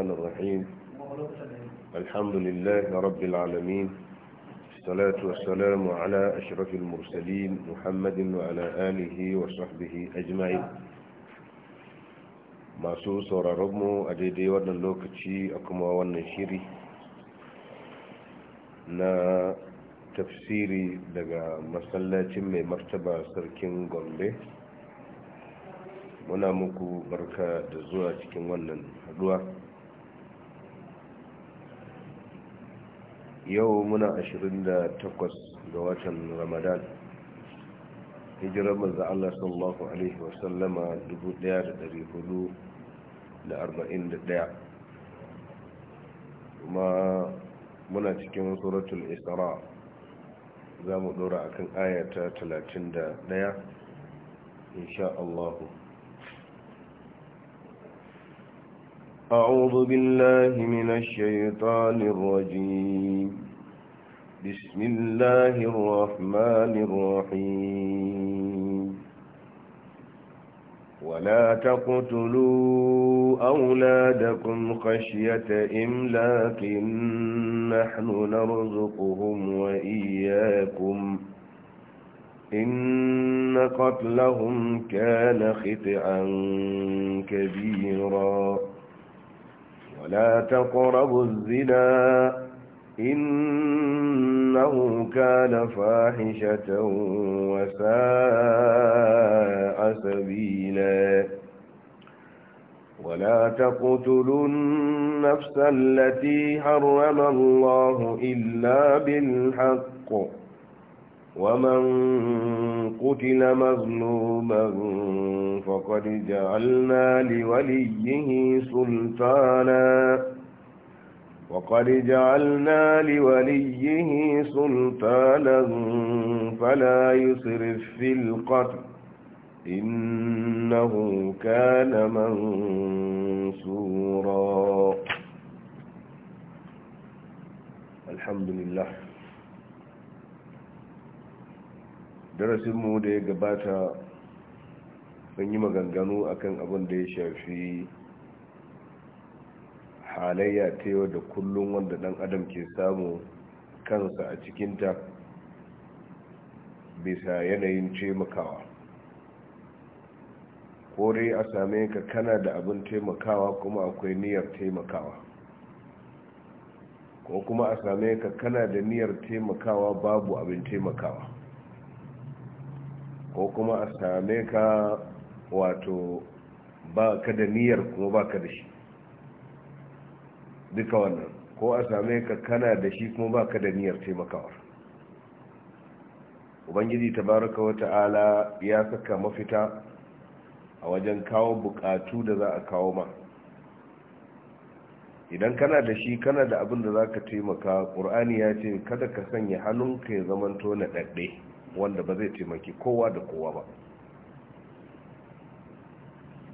الرحمن الرحيم الحمد لله رب العالمين الصلاة والسلام على أشرف المرسلين محمد وعلى آله وصحبه أجمعين masu sauraronmu a daidai wannan lokaci a kuma wannan shiri na tafsiri daga masallacin mai martaba sarkin gombe muna muku barka da zuwa cikin wannan haduwa yau muna 28 ga watan ramadan hijirar maza Allah sallallahu alaihi wasallama 1441 kuma muna cikin suratul isra za mu dora akan ayata 31 insha Allah أعوذ بالله من الشيطان الرجيم بسم الله الرحمن الرحيم ولا تقتلوا أولادكم خشية إملاق نحن نرزقهم وإياكم إن قتلهم كان خطئا كبيراً ولا تقربوا الزنا إنه كان فاحشة وساء سبيلا ولا تقتلوا النفس التي حرم الله إلا بالحق ومن قتل مظلوما فقد جعلنا لوليه سلطانا وقد جعلنا لوليه سلطانا فلا يسرف في القتل إنه كان منصورا الحمد لله darasinmu da ya gabata sun yi maganganu akan abin da ya shafi halayya ta yau da kullum wanda ɗan adam ke samu kansa a cikinta bisa yanayin taimakawa dai a same ka kana da abin taimakawa kuma akwai niyyar taimakawa ko kuma a same ka kana da niyyar taimakawa babu abin taimakawa ko kuma a same ka wato ba ka da niyyar kuma ba ka da shi duka wannan ko a same ka kana da shi kuma ba ka da niyyar taimakawar ubangiji tabaraka wa ta'ala ya saka mafita a wajen kawo bukatu da za a kawo ma idan kana da shi kana da abin da za ka taimaka ƙur'ani ya ce kada ka sanya hannunka ya zamanto na ɗaɗɗe wanda ba zai taimaki kowa da kowa ba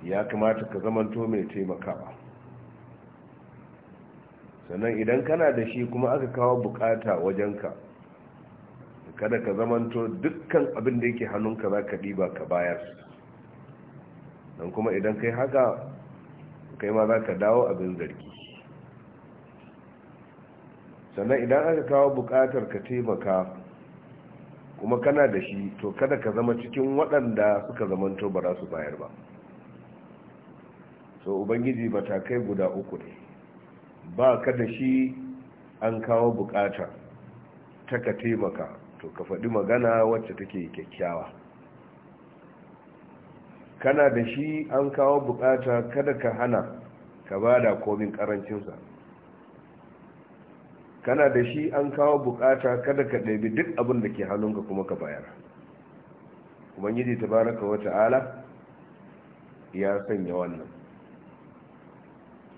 ya kamata ka zamanto mai taimakawa sannan idan kana da shi kuma aka kawo bukata wajenka kada ka zamanto dukkan abin da yake hannunka za ka diba ka bayar don kuma idan kai haka kai ma za ka dawo abin zargi sannan idan aka kawo bukatar ka taimaka kuma kana da shi to kada ka zama cikin waɗanda suka zamanta ba za su bayar ba so ubangiji matakai guda uku ne ba ka da shi an kawo bukata ta ka taimaka to ka faɗi magana wacce take kyakkyawa kana da shi an kawo bukata kada ka hana ka ba da komin karancinsa kana da shi an kawo bukata kada ka ɗabi duk abin da ke hannunka kuma ka bayar Kuma ubangiji tabaraka wa ta'ala ya sanya wannan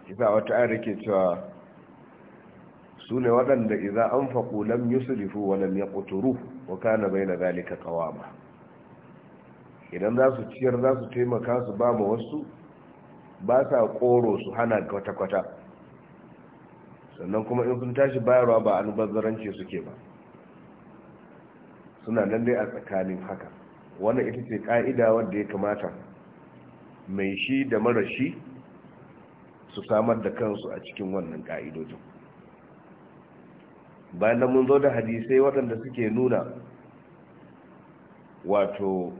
isa wata ayar ke cewa su ne waɗanda iza an faƙo lam yusulifu wa lam yaqturu wa kana na zalika kawama. idan za su ciyar za su taimaka su ba ma wasu ba sa koro su hana kwata-kwata sannan kuma in sun tashi bayarwa ba albazzarance suke ba suna nan dai a tsakanin haka wannan ita ce ka'ida wadda ya kamata mai shi da mara shi su samar da kansu a cikin wannan ka'idojin bayan da mun zo da hadisai waɗanda suke nuna wato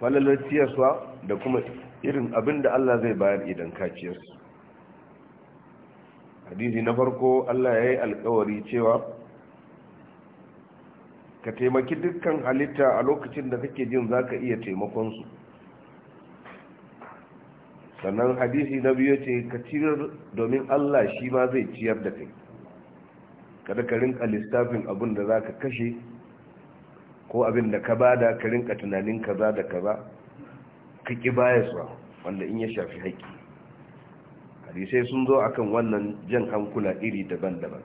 falalar ciyaswa da kuma irin abin da Allah zai bayar idan ka ciyarsu hadisi na farko Allah ya yi alkawari cewa ka taimaki dukkan halitta a lokacin da kake jin za ka iya taimakonsu sannan hadisi na biyu ce ka ciyar domin Allah shi ma zai ciyar da kai kada ka rinka lissafin abin da za ka kashe ko abin da ka bada ka rinka tunanin kaza da kaza ka ƙi bayaswa wanda in ya shafi haƙƙi hadisai sun zo akan wannan jan hankula iri daban-daban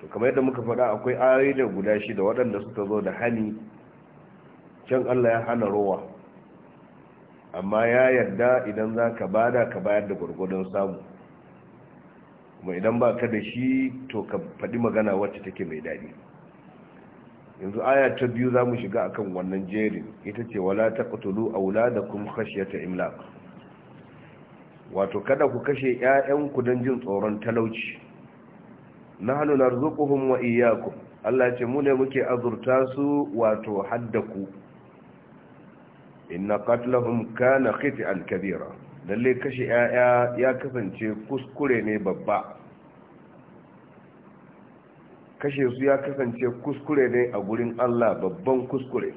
to kamar yadda muka faɗa akwai ayoyi da guda da waɗanda suka zo da hani can Allah ya hana rowa amma ya yarda idan za ka bada ka bayar da gwargwadon samu kuma idan ba ka da shi to ka faɗi magana wacce take mai daɗi yanzu aya ta biyu za mu shiga akan wannan jerin ita ce wala ta ƙutulu a wula da kuma khashiyar ta imlaka wato kada ku kashe 'ya'yanku don jin tsoron talauci na hannu na wa iyaku Allah ce mu muke azurta su wato haddaku inna qatlahum kana khit'an kabira lalle kashe 'ya'ya ya kasance kuskure ne babba kashe su ya kasance kuskure ne a gurin Allah babban kuskure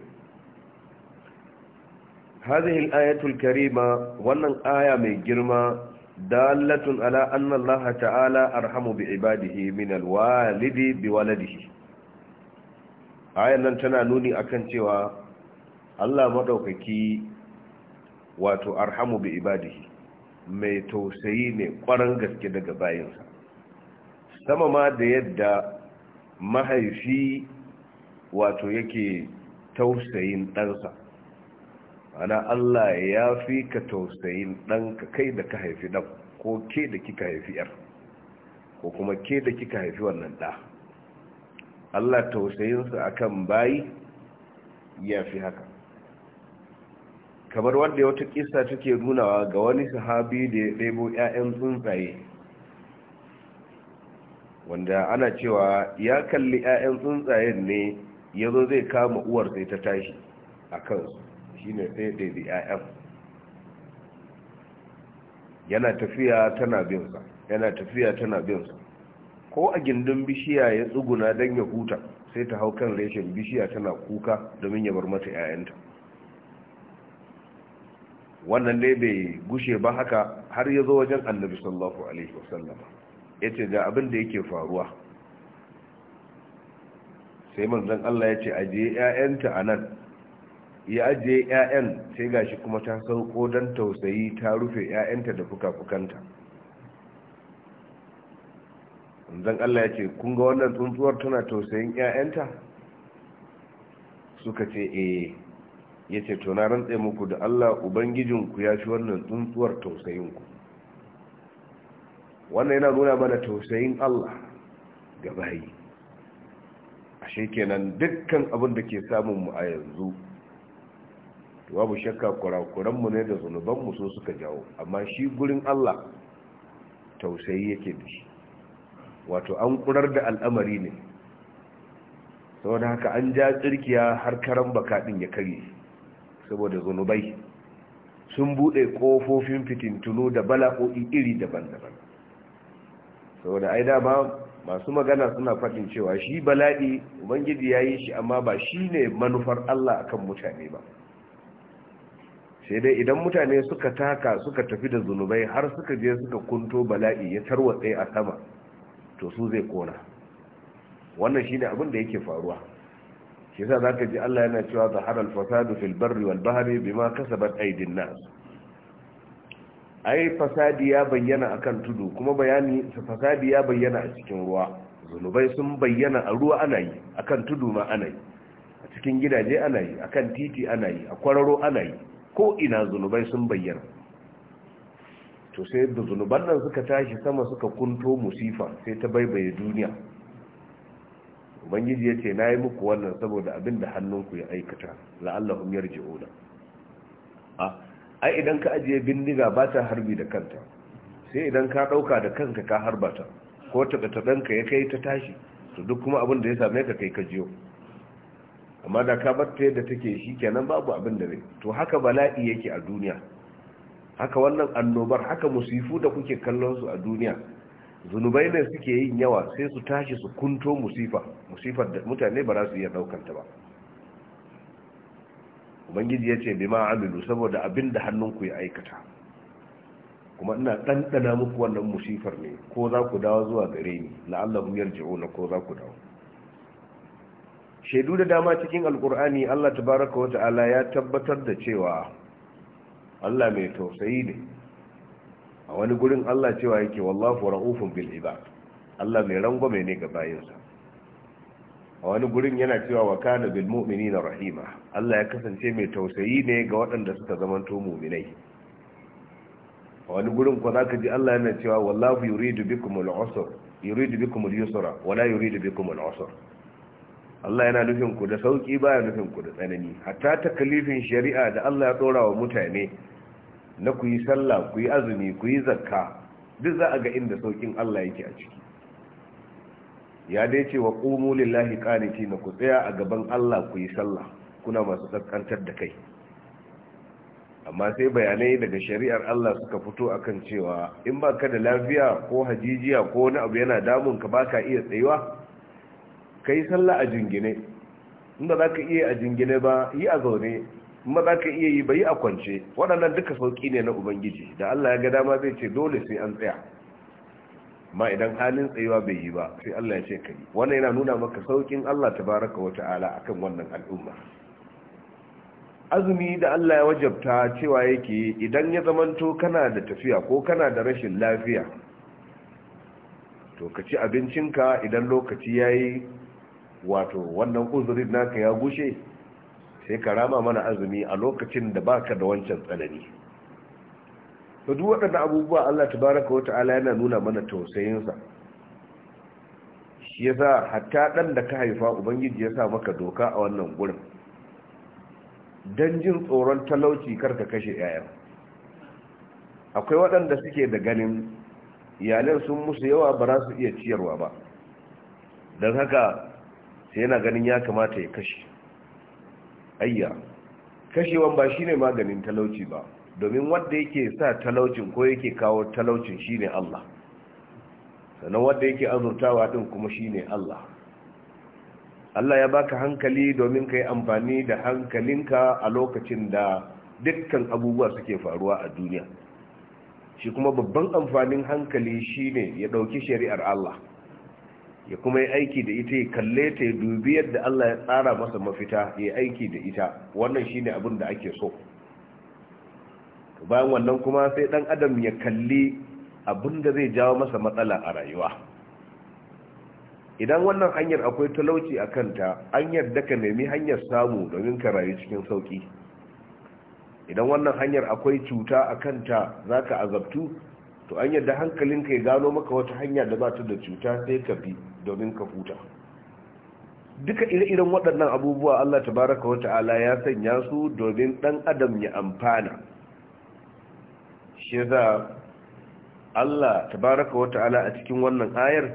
هذه الآية الكريمة وأن آية من جرمة دالة على أن الله تعالى أرحم بعباده من الوالد بولده آية لن تنانوني أكن سوى الله مدوككي واتو أرحم بعباده mai tausayi ne ƙwarar gaske daga bayansa sama ma da yadda mahaifi wato yake tausayin ɗansa ana Allah ya fi ka tausayin ɗanka kai da ka haifi ɗan ko ke da kika haifi ‘yar ko kuma ke da kika haifi wannan ɗa Allah tausayinsa akan bayi ya fi haka kamar wanda ya wata kisa take nunawa ga wani sahabi da ya ɗebo 'ya'yan tsuntsaye wanda ana cewa ya kalli 'ya'yan tsuntsayen ne ya zo zai kama uwar sai ta tashi a kansu shine sai 'ya'yan yana tafiya tana binsa yana tafiya tana binsa ko a gindin bishiya ya tsuguna don ya huta sai ta hau kan reshen bishiya tana kuka domin ya bar mata 'ya'yanta wannan dai bai gushe ba haka har ya zo wajen annabi sallallahu alaihi wasallama ya ce ga abin da yake faruwa sai manzon Allah ya ce ajiye 'ya'yanta a nan ya ajiye 'ya'yan sai gashi kuma ta sauko don tausayi ta rufe 'ya'yanta da fuka-fukanta zan allah ya ce kun ga wannan tsuntsuwar tana tausayin 'ya'yanta suka ce eh ya ce to na rantse muku da allah ubangijinku ya fi wannan tsuntsuwar tausayinku wannan yana nuna mana tausayin allah ga bayi ashe kenan dukkan abin da ke samun mu a yanzu babu shakka kurakuranmu ne da zunubanmu so suka jawo amma shi gurin Allah tausayi yake da shi wato an kurar da al'amari ne saboda haka an ja tsirkiya har karan bakaɗin ya karye saboda zunubai sun buɗe ƙofofin fitintunu da bala'o'i iri daban-daban saboda ai dama masu magana suna faɗin cewa shi bala'i ubangiji ya yi shi amma ba shi ne manufar Allah akan mutane ba sai dai idan mutane suka taka suka tafi da zunubai har suka je suka kunto bala'i ya tarwatse a sama to su zai kona wannan shi ne abin da yake faruwa shi za ka ji Allah yana cewa zaharar al-fasadu fil barri wal ma kasa kasabat aydin nas ai fasadi ya bayyana akan tudu kuma bayani fasadi ya bayyana a cikin ruwa zunubai sun bayyana a ruwa ana yi akan tudu ma ana yi a cikin gidaje ana yi akan titi ana yi a kwararo ana yi ko ina zunubai sun bayyana to sai da zunuban nan suka tashi sama suka kunto musifa sai ta baibaye duniya ubangiji ya ce na yi muku wannan saboda abin da hannunku ya aikata la'allahum yarji'una a ai idan ka ajiye bindiga ba ta harbi da kanta sai idan ka ɗauka da kanka ka harba ta ko ya kai ta tashi to duk kuma abin da ya same ka kai ka jiyo amma da ka bar ta yadda take shi kenan babu abin da zai to haka bala'i yake a duniya haka wannan annobar haka musifu da kuke kallon su a duniya zunubai ne suke yin yawa sai su tashi su kunto musifa musifar da mutane ba za su iya daukanta ba ubangiji ya ce bi ma amilu saboda abin da hannunku ya aikata kuma ina ɗanɗana muku wannan musifar ne ko za ku dawo zuwa gare ni la'allahu yarji'una ko za ku dawo shaidu da dama cikin alkur'ani Allah tabaraka wa ta'ala ya tabbatar da cewa Allah mai tausayi ne a wani gurin Allah cewa yake Wallafu ra'ufin bil ibad Allah mai rangwame ne ga bayinsa a wani gurin yana cewa wa kana bil mu'minina rahima Allah ya kasance mai tausayi ne ga waɗanda suka zamanto mu'minai a wani gurin za ka ji Allah yana cewa wallahu yuridu bikumul usra yuridu bikumul yusra wala yuridu bikumul usra Allah yana nufin ku da sauki baya nufin ku da tsanani hatta takalifin shari'a da Allah ya dora wa mutane na ku yi sallah ku yi azumi ku yi zakka duk za a ga inda saukin Allah yake a ciki ya dai ce wa qumu lillahi na ku tsaya a gaban Allah ku yi sallah kuna masu tsakkantar da kai amma sai bayanai daga shari'ar Allah suka fito akan cewa in ba ka da lafiya ko hajijiya ko wani abu yana damun ka baka iya tsayuwa ka yi sallah a jingine inda za ka iya a jingine ba yi a zaune ma za ka iya yi ba yi a kwance waɗannan duka sauƙi ne na ubangiji da allah ya ga dama zai ce dole sai an tsaya ma idan halin tsayuwa bai yi ba sai allah ya ce ka yi wannan yana nuna maka sauƙin allah Ta baraka wa ta'ala kan wannan al'umma azumi da allah ya wajabta cewa yake idan ya zamanto kana da tafiya ko kana da rashin lafiya to ka ci abincinka idan lokaci ya yi wato wannan uzurin naka ya gushe sai ka rama mana azumi a lokacin da baka da wancan tsanani to duk waɗannan abubuwa Allah tabaraka wa ta'ala yana nuna mana tausayinsa shi yasa hatta ɗan da ka haifa ubangiji ya sa maka doka a wannan gurin dan jin tsoron talauci kar ka kashe yayan akwai waɗanda suke da ganin iyalan sun musu yawa ba za su iya ciyarwa ba don haka sai yana ganin ya kamata ya kashe ayya kashewan ba shine maganin talauci ba domin wanda yake sa talaucin ko yake kawo talaucin shine Allah sannan wanda yake azurtawa din kuma shine Allah Allah ya baka hankali domin ka yi amfani da hankalinka a lokacin da dukkan abubuwa suke faruwa a duniya shi kuma babban amfanin hankali shine ya ɗauki shari'ar Allah ya kuma yi aiki da ita ya kalle ta ya dubi yadda Allah ya tsara masa mafita ya aiki da ita wannan shine abin da ake so bayan wannan kuma sai dan adam ya kalli abin da zai jawo masa matsala a rayuwa idan wannan hanyar akwai talauci a kanta an yarda ka nemi hanyar samu domin ka rayu cikin sauki idan wannan hanyar akwai cuta a kanta za ka azabtu to an yadda hankalinka ya gano maka wata hanya da ba ta da cuta sai ka bi domin ka huta duka ire-iren waɗannan abubuwa Allah tabaraka wata'ala ya sanya su domin ɗan adam ya amfana shi za Allah wata wata'ala a cikin wannan ayar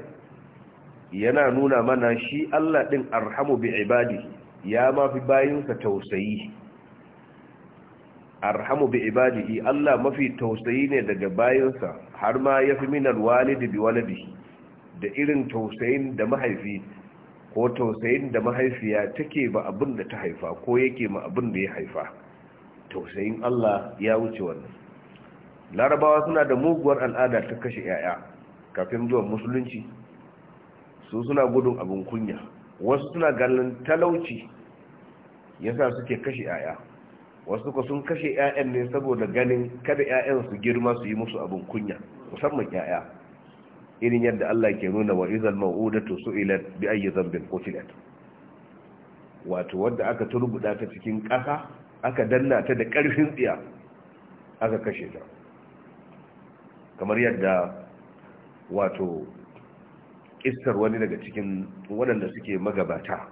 yana nuna mana shi Allah ɗin arhamu bi ibadi ya mafi bayinsa tausayi arhamu bi ibadihi Allah mafi tausayi ne daga bayansa har ma yafi min walidi bi waladihi da irin tausayin da mahaifi ko tausayin da mahaifiya take ba abin da ta haifa ko yake ma abin da ya haifa tausayin Allah ya wuce wannan larabawa suna da muguwar al'ada ta kashe 'ya'ya kafin zuwan musulunci su suna gudun abin kunya wasu suna ganin talauci yasa suke kashe 'ya'ya wasu ko sun kashe 'ya'yan ne saboda ganin kada 'ya'yan su girma su yi musu abin kunya musamman 'ya'ya irin yadda Allah ke nuna wa izal su su'ilat bi ayi dhanbin qutilat wato wadda aka turbuda ta cikin ƙasa aka danna ta da ƙarfin tsiya aka kashe ta kamar yadda wato kistar wani daga cikin waɗanda suke magabata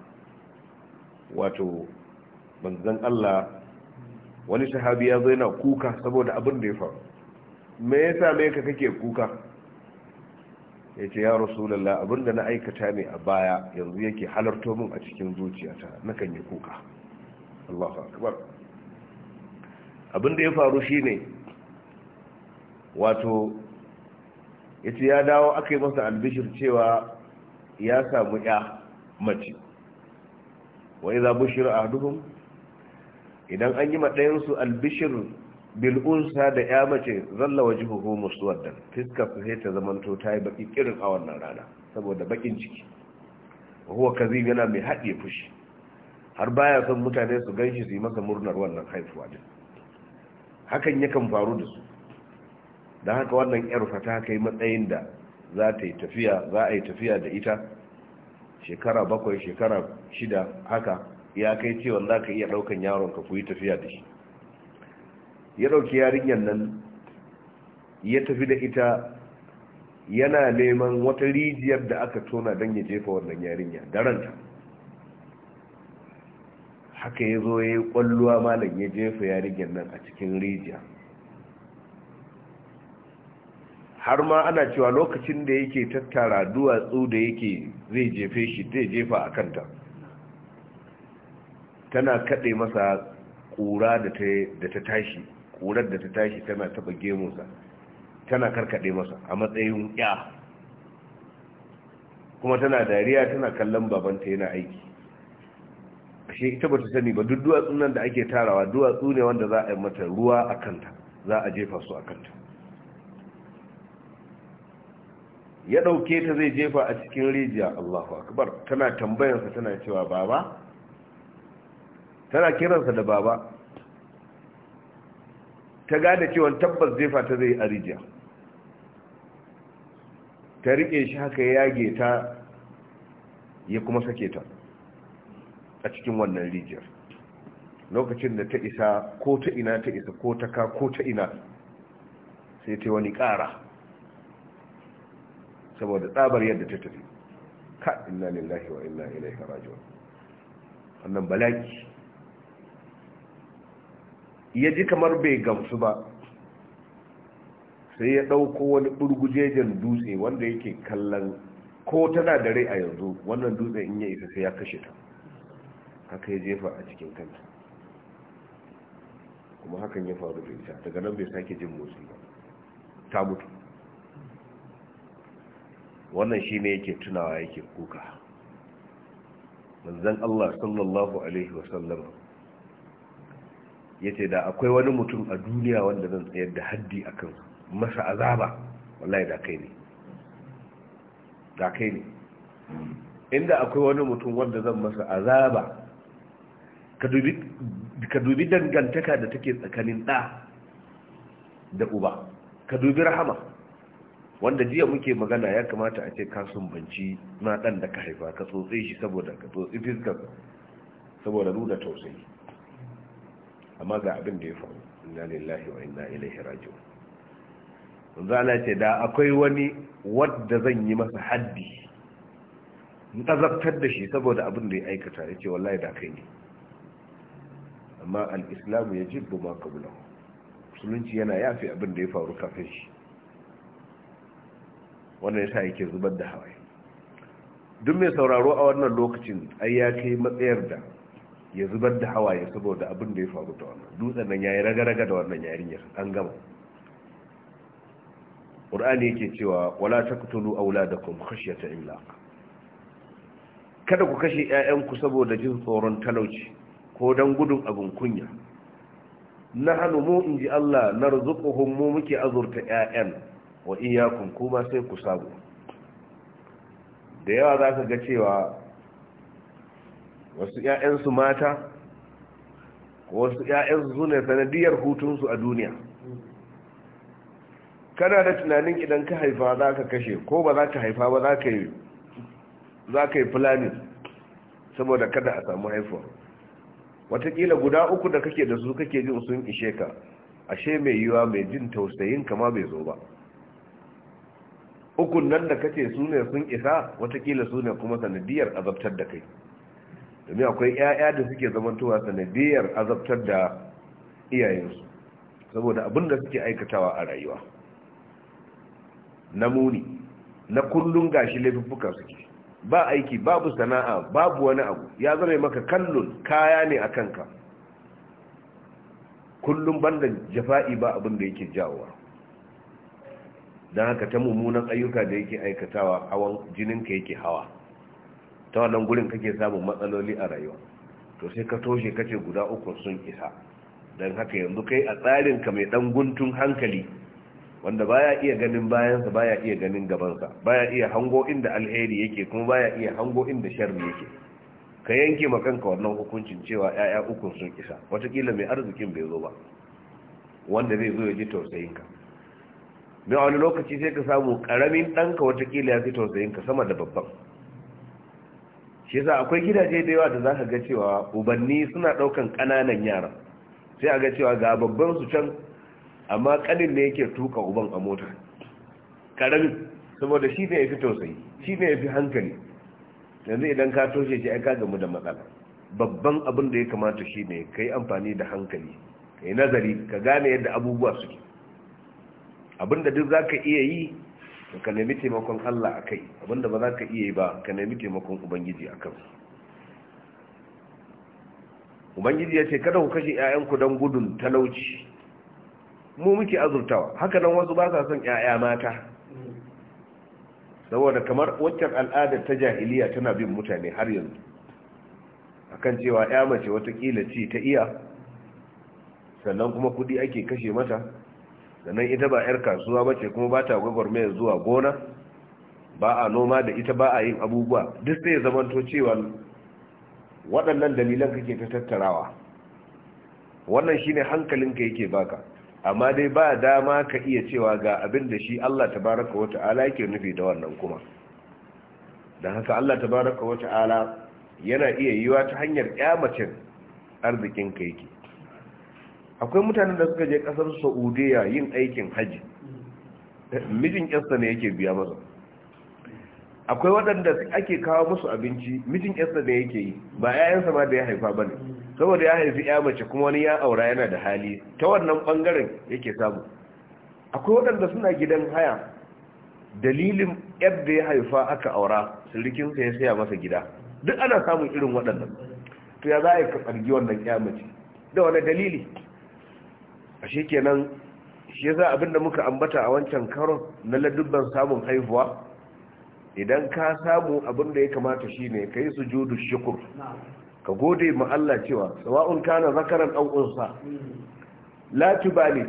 wato manzon Allah wani sahabi ya zo yana kuka saboda abin da ya faru me yasa me ka kake kuka ya ce ya rasulallah abin da na aikata ne a baya yanzu yake halarto min a cikin zuciyata na kan yi kuka Allahu akbar abin da ya faru shine wato ce ya dawo aka yi masa albishir cewa ya samu ya mace wa idza a duhun idan an yi maɗayansu albishir bil'unsa da ya mace zalla waje hukumu muswaddan fiskar su sai ta zamanto ta yi baki kirin a wannan rana saboda baƙin ciki huwa kazi yana mai haɗe fushi har baya son mutane su ganshi su yi masa murnar wannan haifuwa din hakan yakan faru da su don haka wannan yar ta kai matsayin da za ta yi tafiya za a yi tafiya da ita shekara bakwai shekara shida haka ya kai cewa za ka iya ɗaukan yaronka ku yi tafiya da shi ya ɗauki yarinyar nan ya tafi da ita yana neman wata rijiyar da aka tona don ya jefa wannan yarinya daranta haka ya zo ya yi kwalluwa malam ya jefa yarinyar nan a cikin rijiya har ma ana cewa lokacin da yake tattara duwatsu da yake zai jefe shi zai jefa a kanta tana kaɗe masa ƙura da ta tashi ƙurar da ta tashi tana taɓa gemunsa tana karkaɗe masa a matsayin ya kuma tana dariya tana kallon babanta yana aiki ashe ita ba ta sani ba duk duwatsun nan da ake tarawa duwatsu ne wanda za a yi mata ruwa a kanta za a jefa su a kanta ya ɗauke ta zai jefa a cikin rijiya allahu akbar tana tambayarsa tana cewa baba tana kiransa da baba ta gada cewa tabbas zai fata zai a rijiya ta riƙe shi haka ya yage ta ya kuma sake ta a cikin wannan rijiyar lokacin da ta isa ko ta ina ta isa ko ta ka ko ta ina sai ta wani ƙara saboda tsabar yadda ta tafi ka inna lillahi wa ina ilaihi raji'un wannan balaki ya ji kamar bai gamsu ba sai ya ɗauko wani ɓurgujejen dutse wanda yake kallon ko tana da rai a yanzu wannan dutse in ya isa sai ya kashe ta haka ya jefa a cikin kanta kuma hakan ya faru da ita daga nan bai sake jin motsi ba ta mutu wannan shi ne yake tunawa yake kuka manzan Allah sallallahu Alaihi wasallam yace da akwai wani mutum a duniya wanda zan tsayar da haddi akan masa azaba wallahi da kai ne da kai ne inda akwai wani mutum wanda zan masa azaba ka dubi dangantaka da take tsakanin ɗa da uba ka dubi rahama wanda jiya muke magana ya kamata a ce ka banci na ɗan da ka haifa ka tsotse shi saboda ka tsotsi fiskar saboda nuna tausayi amma ga abin da ya faru inna lillahi wa inna ilaihi raji'un manzo Allah ce da akwai wani wadda zan yi masa haddi in azabtar da shi saboda abin da ya aikata yace wallahi da kai ne amma al-islam yajibu ma qablahu musulunci yana yafi abin da ya faru kafin shi wannan yasa yake zubar da hawaye duk mai sauraro a wannan lokacin ai ya kai matsayar da ya zubar da hawaye saboda abin da ya faru da wannan dutsen nan yayi raga da wannan yarinyar an gama qur'ani yake cewa wala taqtulu auladakum khashyata imlaq kada ku kashe ƴaƴanku saboda jin tsoron talauci ko dan gudun abin kunya nahnu mu inji Allah narzuquhum mu muke azurta ƴaƴan wa iyyakum kuma sai ku sabu da yawa za ka ga cewa wasu 'ya'yansu mata wasu 'ya'yansu su ne sanadiyar hutunsu a duniya kana da tunanin idan ka haifa za ka kashe ko ba za ka haifa ba za ka yi fulani saboda kada a samu haifuwa watakila guda uku da kake da su kake jin sun ishe ka ashe mai yiwa mai jin tausayin kama bai zo ba ukun nan da kace su ne sun isa watakila su ne kuma sanadiyar azabtar da kai domin akwai 'ya'ya da suke zamantowa sanadiyar azabtar da iyayensu saboda abin da suke aikatawa a rayuwa na muni na kullum gashi laifuffuka suke ba aiki babu sana'a babu wani abu ya zama maka kallon kaya ne a kanka kullum banda jafa'i ba abin da yake jawowa don haka ta mummunan ayyuka da yake aikatawa hawan jininka yake hawa ta wannan gurin kake samun matsaloli a rayuwa to sai ka toshe kace guda uku sun isa don haka yanzu kai a tsarin ka mai dan guntun hankali wanda baya iya ganin bayansa baya iya ganin gabansa baya iya hango inda alheri yake kuma baya iya hango inda sharri yake ka yanke ma kanka wannan hukuncin cewa yaya uku sun isa watakila mai arzikin bai zo ba wanda zai zo ya ji tausayinka mai wani lokaci sai ka samu karamin ɗanka watakila ya fi ka sama da babban shi yasa akwai gidaje da yawa da zaka ga cewa ubanni suna ɗaukan ƙananan yara sai a ga cewa ga babban su can amma ƙanin ne yake tuka uban a mota ƙaramin saboda shi ne ya fi tausayi shi ne ya fi hankali yanzu idan ka toshe shi aika ga gamu da matsala babban abin da ya kamata shi ne ka yi amfani da hankali ka yi nazari ka gane yadda abubuwa suke abin da duk za ka iya yi ka nemi taimakon Allah a kai abinda ba za ka iya yi ba ka nemi taimakon ubangiji a kan? ubangiji ya ce kada ku kashe 'ya'yanku don gudun talauci mu muke azurtawa haka nan wasu ba sa son 'ya'ya mata saboda kamar waccan al'adar ta jahiliya tana bin mutane har yanzu akan cewa 'ya mace watakila ce ta iya sannan kuma kudi ake kashe mata sannan ita ba 'yar kasuwa ba ce kuma ba ta gwagwarmaya zuwa gona ba a noma da ita ba a yin abubuwa duk sai zamanto cewa waɗannan dalilan kake ta tattarawa wannan shi shine hankalinka yake baka amma dai ba dama ka iya cewa ga abin da shi Allah baraka wata ala yake nufi da wannan kuma don haka Allah tabaraka wata ala yana iya yiwa ta hanyar arzikin arzikinka yake akwai mutanen da suka je kasar saudiya yin aikin hajji mijin yasta ne yake biya masa akwai waɗanda ake kawo musu abinci mijin yarsa ne yake yi ba 'ya'yansa ma da ya haifa ba ne saboda ya haifi 'ya mace kuma wani ya aura yana da hali ta wannan ɓangaren yake samu akwai waɗanda suna gidan haya dalilin yadda ya haifa aka aura sirikinsa ya saya masa gida duk ana samun irin waɗannan to ya za a yi ka wannan 'ya mace da wani dalili a shekenan shi yasa abinda muka ambata a wancan karon na ladubban samun haihuwa idan ka samu abinda ya kamata shi shine kai sujudu shukr ka gode ma Allah cewa sawa'un kana zakaran aw lati la tubali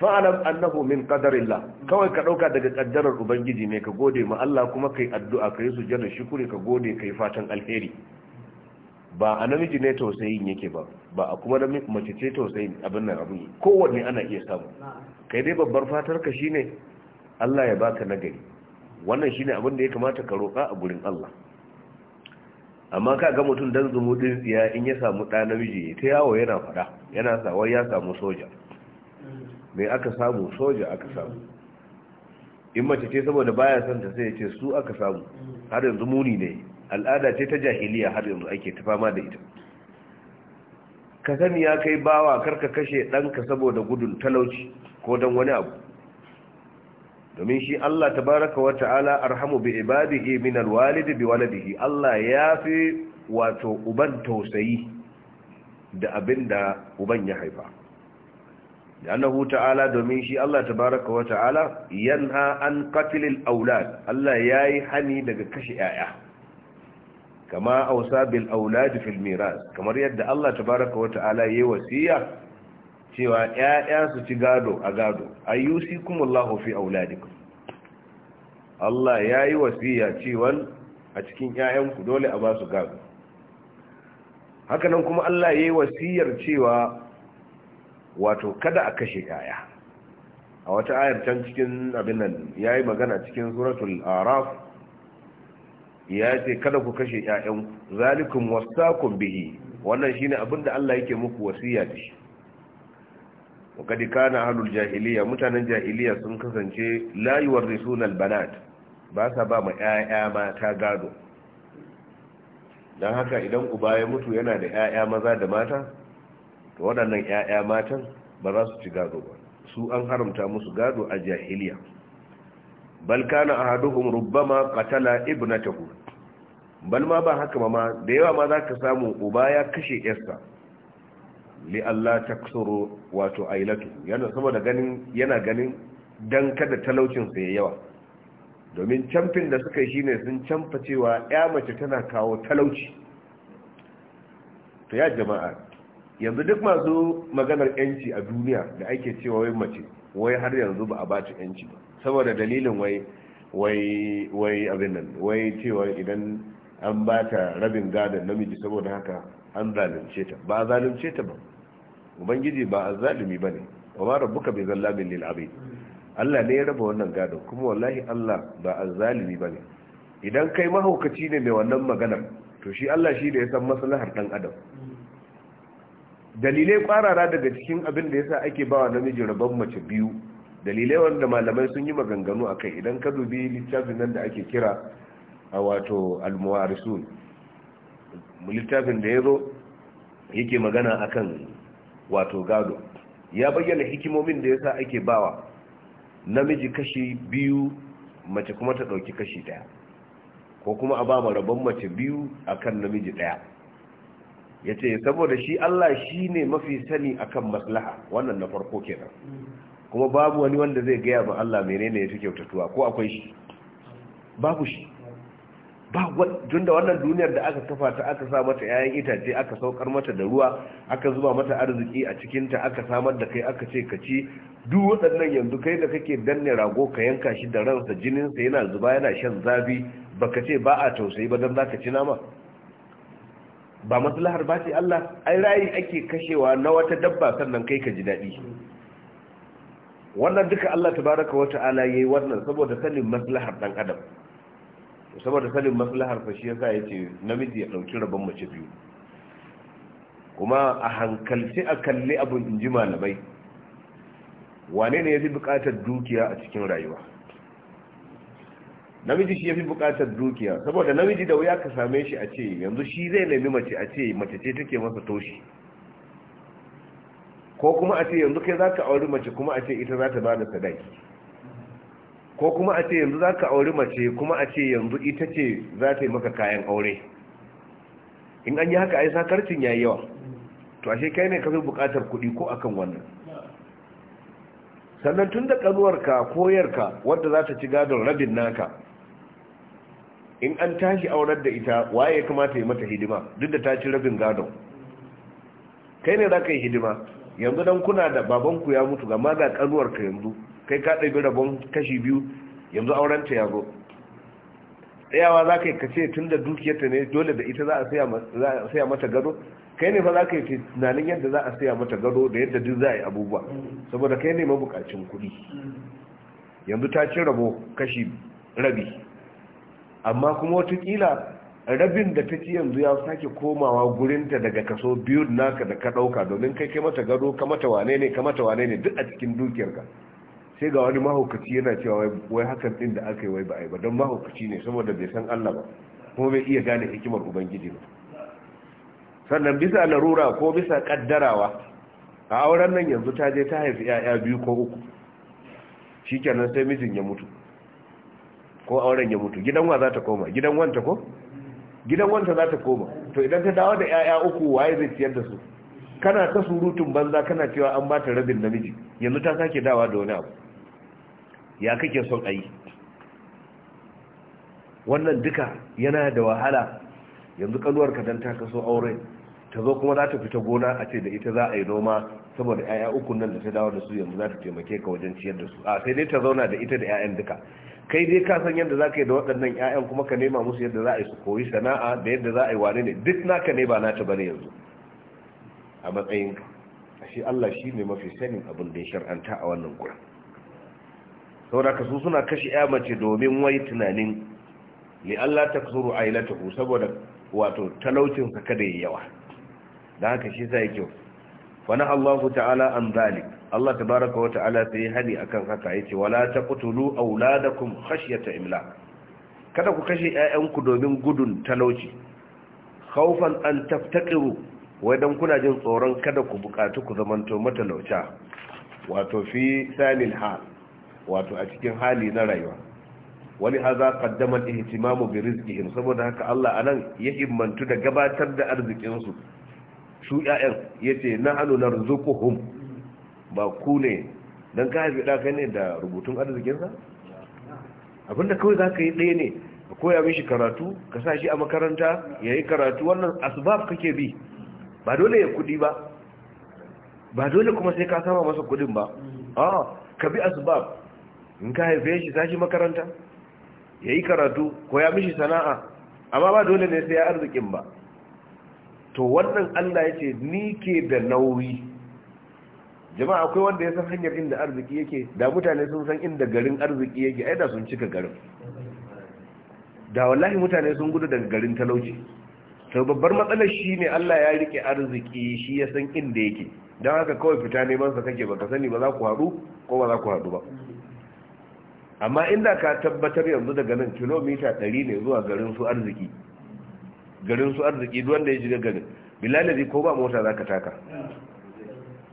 fa'alam annahu min qadarillah kawai ka ɗauka daga kaddarar ubangiji ne ka gode ma Allah kuma kai addu'a kai sujjada shukuri ka gode kai fatan alheri ba a namiji ne tausayin yake ba ba a kuma mace ce tausayin abin nan abin kowanne ana iya samu kai dai babbar fatar ka shine Allah ya baka nagari wannan shine abin da ya kamata ka roƙa a gurin Allah amma ka ga mutum dan din siya in ya samu ɗa namiji ta yawo yana faɗa yana sawar ya samu soja me aka samu soja aka samu in mace ce saboda baya son ta sai ya ce su aka samu har yanzu muni ne al'ada ce ta jahiliya har yanzu ake ta fama da ita ka sani ya kai bawa karka kashe ɗanka saboda gudun talauci ko don wani abu domin shi Allah baraka wa ta'ala arhamu bi ibadihi min walidi bi waladihi Allah ya fi wato uban tausayi da da uban ya haifa annahu ta'ala domin shi Allah baraka wa ta'ala yanha an qatlil aulad Allah yayi hani daga kashe yaya kama ausa bil aulad fil miras kamar yadda Allah tabaraka Wata'ala ta'ala yayi wasiya cewa ƴaƴa su ci gado a gado ayyusikumullahu fi auladikum Allah yayi wasiya cewa a cikin ƴaƴanku dole a ba su gado hakanan kuma Allah yayi wasiyar cewa wato kada a kashe ƴaƴa a wata ayar can cikin abin nan yayi magana cikin suratul araf ya ce kada ku kashe 'yayan zalikum wasakun bihi wannan shine abin da Allah yake muku wasiya da shi wa kad kana ahlul jahiliya mutanen jahiliya sun kasance la yuwarrisuna Banat, ba sa ba ma ƴaƴa mata gado dan haka idan uba ya mutu yana da 'ya'ya maza da mata to waɗannan 'ya'ya matan ba za su ci gado ba su an haramta musu gado a jahiliya bal kana ahaduhum rubbama qatala ibnatahu bal ma ba haka ma da yawa ma zaka samu uba ya kashe yarsa li Allah taksuru wato ailatu yana saboda ganin yana ganin dan kada talaucin sa ya yawa domin camfin da suka yi shine sun camfa cewa ya mace tana kawo talauci to ya jama'a yanzu duk masu maganar yanci a duniya da ake cewa wai mace wai har yanzu ba a ba ta yanci saboda dalilin wai wai abin nan wai cewa idan an ba ta rabin gadon namiji saboda haka an zalunce ta ba a zalunce ta ba ubangiji ba a zalumi ba ne wa ma rabuka bai zallamin lil abid Allah ne ya raba wannan gadon kuma wallahi Allah ba a zalimi ba ne idan kai mahaukaci ne mai wannan maganar to shi Allah shi da ya san maslahar dan adam dalilai kwarara daga cikin abin da yasa ake bawa namiji rabon mace biyu dalilai wanda malamai sun yi maganganu a kai idan ka dubi littafin nan da ake kira a wato almuwarisun littafin da ya zo yake magana akan wato gado ya bayyana hikimomin da yasa ake bawa namiji kashi biyu mace kuma ta ɗauki kashi ɗaya ko kuma a ba rabon mace biyu akan namiji ɗaya ya ce saboda shi Allah shi ne mafi sani akan maslaha wannan na farko kenan kuma babu wani wanda zai gaya ma Allah menene ya fi kyautatuwa ko akwai shi babu shi ba tun da wannan duniyar da aka kafa ta aka sa mata yayan itace aka saukar mata da ruwa aka zuba mata arziki a cikinta aka samar da kai aka ce ka duk waɗannan yanzu kai da kake danne rago ka yanka shi da ransa jininsa yana zuba yana shan zafi baka ce ba a tausayi ba don za ka ci nama ba maslahar ba ce Allah ai rayi ake kashewa na wata dabba sannan kai ka ji daɗi wannan duka Allah tabaraka wa ta'ala yayi wannan saboda sanin maslahar dan adam saboda sanin maslahar fa shi yasa yace namiji ya dauki rabon mace biyu kuma a hankalci a kalli abun inji malamai wane ne yafi bukatar dukiya a cikin rayuwa namiji shi yafi bukatar dukiya saboda namiji da wuya ka same shi a ce yanzu shi zai nemi mace a ce mace ce take masa toshi ko kuma a ce yanzu kai zaka auri mace kuma a ce ita za ta bada sadaki ko kuma a ce yanzu zaka auri mace kuma a ce yanzu ita ce za ta yi maka kayan aure in an yi haka ai sakarcin yayi yawa to ashe kai ne ka fi bukatar kuɗi ko akan wannan sannan tun da kanuwarka koyarka wadda za ta ci gadon rabin naka in an tashi aurar da ita waye ya kamata ya mata hidima duk da ta ci rabin gadon kai ne za ka yi hidima yanzu don kuna da babanku ya mutu gama ga kanuwarka yanzu kai ka ɗabi rabon kashi biyu yanzu aurenta ya zo tsayawa za ka yi kace tun da dukiyarta ne dole da ita za a saya mata gado kai ne fa za ka yi tunanin yadda za a saya mata gado da yadda duk za a yi abubuwa saboda kai ne mabukacin kuɗi yanzu ta ci rabo kashi rabi amma kuma watakila rabin da ta ci yanzu ya sake komawa gurinta daga kaso biyu naka da ka ɗauka domin kai kai mata gado ka mata wane ne ka mata wane ne duk a cikin dukiyarka sai ga wani mahaukaci yana cewa wai hakan ɗin da aka yi wai ba a yi ba don mahaukaci ne saboda bai san allah ba kuma bai iya gane hikimar ubangiji ba sannan bisa larura ko bisa kaddarawa a auren nan yanzu ta je ta haifi 'ya'ya biyu ko uku shikenan sai mijin ya mutu ko auren ya mutu gidan wa za ta koma gidan wanta ko gidan wanta za ta koma to idan ta dawo da 'ya'ya uku waye zai ciyar da su kana ta surutun banza kana cewa an ba ta rabin namiji yanzu ta sake dawa da wani abu ya kake son ayi? wannan duka yana da wahala yanzu kaluwar ka dan ta kaso aure ta zo kuma za ta fita gona a ce da ita za a yi noma saboda 'ya'ya uku nan da ta dawo da su yanzu za ta taimake ka wajen ciyar da su a sai dai ta zauna da ita da 'ya'yan duka kai dai ka san yadda za ka yi da waɗannan 'ya'yan kuma ka nema musu yadda za a yi su koyi sana'a da yadda za a yi wane ne duk naka ne ba nata bane yanzu a matsayinka shi Allah shi ne mafi sanin abin da ya shar'anta a wannan gurin saboda ka su suna kashe 'ya mace domin wai tunanin li Allah ta kusuru ailatahu saboda wato talaucin sa kada ya yawa da haka shi sa yake fa na Allah ta'ala an zalik Allah tabaraka wa ta'ala sai hani akan haka yace wala taqtulu auladakum khashyata imlaq kada ku kashe ƴaƴanku domin gudun talauci khawfan an taftaqiru wai dan kuna jin tsoron kada ku bukatu ku zamanto matalauta wato fi salil hal wato a cikin hali na rayuwa wani haza kaddama ihtimamu bi rizqihim saboda haka Allah anan ya himmantu da gabatar da arzikin su su ƴaƴan yace nahnu narzuquhum ba ku ne don ka haifi ɗaka ne da rubutun arzikinsa abinda kawai za ka yi ɗaya ne ka koya mishi karatu ka sa shi a makaranta ya yi karatu wannan asibab kake bi ba dole ya kudi ba ba dole kuma sai ka sama masa kudin ba a ka bi asibab in ka haife shi sa shi makaranta ya yi karatu koya mishi sana'a amma ba dole ne sai ya arzikin ba to wannan allah ya ce ni ke da nauyi jama'a akwai wanda ya san hanyar inda arziki yake da mutane sun san inda garin arziki yake ai sun cika garin da wallahi mutane sun gudu daga garin talauci to babbar matsalar shi ne Allah ya rike arziki shi ya san inda yake don haka kawai fita neman sa kake baka sani ba za ku haɗu ko ba za ku haɗu ba amma inda ka tabbatar yanzu daga nan kilomita ɗari ne zuwa garin su arziki garin su arziki duk wanda ya ji garin bilalazi ko ba mota zaka taka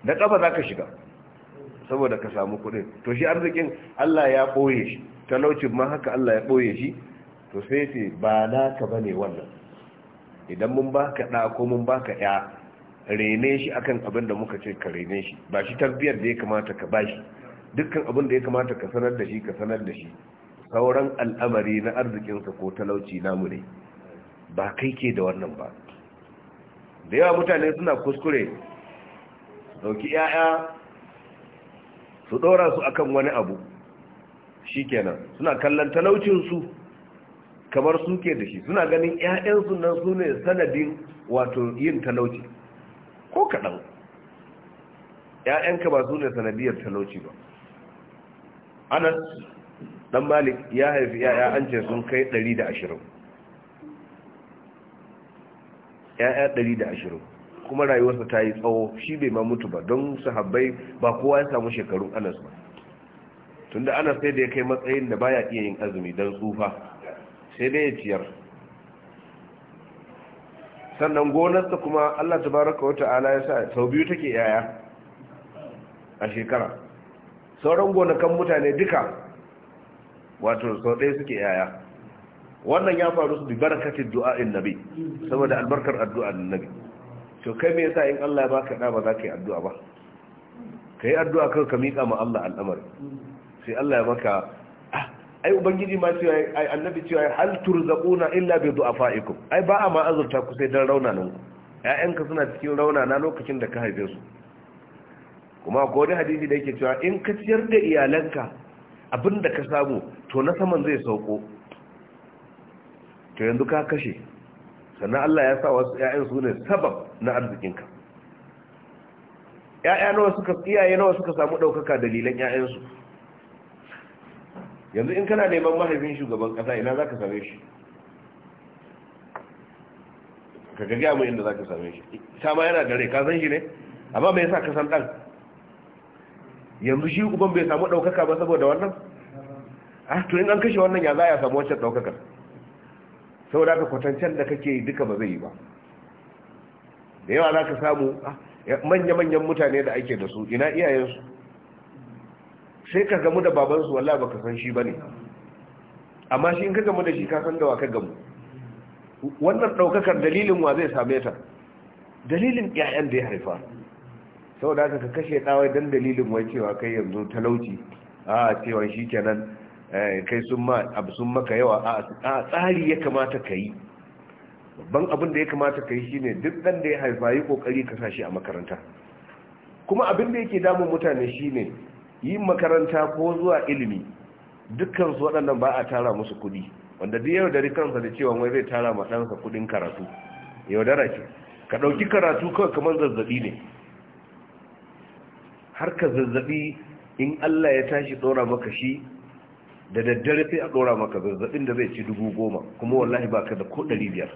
da ƙafa za ka shiga saboda ka samu kuɗin to shi arzikin Allah ya ɓoye shi talaucin ma haka Allah ya ɓoye shi to sai ce ba naka ba ne wannan idan mun ba ka ɗa ko mun ba ka ya rene shi akan abin da muka ce ka rene shi ba shi tarbiyyar da ya kamata ka ba shi dukkan abin da ya kamata ka sanar da shi ka sanar da shi sauran al'amari na arzikinsa ko talauci namu ne ba kai ke da wannan ba da yawa mutane suna kuskure dauki yaya su dora su akan wani abu shikenan suna kallon talaucin su kamar suke da shi suna ganin ƴaƴan su nan su ne sanadin wato yin talauci ko kaɗan ƴaƴanka ba su ne sanadiyar talauci ba anas dan malik ya haifi yaya an ce sun kai 120 yaya 120 kuma rayuwarsa ta yi tsawo shi bai ma mutu ba don sahabbai ba kowa ya samu shekarun anas ba tunda anas sai da ya kai matsayin da baya iya yin azumi don tsufa sai dai ya ciyar sannan gonarsa kuma allah Ta baraka wata ala ya sa sau biyu take yaya a shekara sauran gonakan mutane duka wato sau ɗaya suke yaya wannan ya faru su bi barakatin du'a'in nabi saboda albarkar addu'a nabi to kai me yasa in Allah ya baka da ba za ka yi addu'a ba ka addu'a kan ka miƙa ma Allah al'amari sai Allah ya maka ah, ai ubangiji ma cewa ai annabi cewa hal turzaquna illa bi du'afaikum ai ba a ma azurta ku sai dan raunanan ku ƴaƴanka suna cikin rauna na lokacin da ka haife su kuma ko da hadisi da yake cewa in ka ciyar da iyalanka abinda ka samu to na saman zai sauko to yanzu ka kashe sannan Allah ya sa wasu ‘ya’yan su ne sabab na arzikinka 'ya'ya nawa suka iyaye nawa suka samu ɗaukaka dalilan 'ya'yansu yanzu in kana neman mahaifin shugaban ƙasa ina za ka same shi ka gaga mu inda za ka same shi kama ma yana gare ka san shi ne amma me yasa ka san ɗan yanzu shi uban bai samu ɗaukaka ba saboda wannan a ah, to in an kashe wannan ya za ya samu wancan ɗaukakar saboda ka kwatancen da kake duka ba zai yi ba da yawa za ka samu ah, manya-manyan mutane da ake da su ina iyayensu sai ka gamu da babansu walla ba ka san shi ba ne amma shi in ka gamu da shi ka san da wa ka gamu wannan ɗaukakar dalilin wa zai same ta dalilin 'ya'yan da ya haifa saboda da, ka kashe ɗawai don dalilin wai cewa kai yanzu talauci a ah, cewa shi kenan Eh, kai sun ma abu maka yawa a tsari ya kamata ka yi babban abin da ya kamata ka yi shine duk ɗan da ya haifa yi kokari ka sa shi a makaranta kuma abin da yake damun mutane shine yin makaranta ko zuwa ilimi dukkan waɗannan ba a tara musu kuɗi wanda duk yau da kansa da cewa wai zai tara ma ɗansa kuɗin karatu yaudara ce ka ɗauki karatu kawai kamar zazzaɓi ne har ka zazzaɓi in Allah ya tashi ɗora maka shi da daddare sai a dora maka zazzabin da zai ci dubu goma kuma wallahi baka da ko ɗari biyar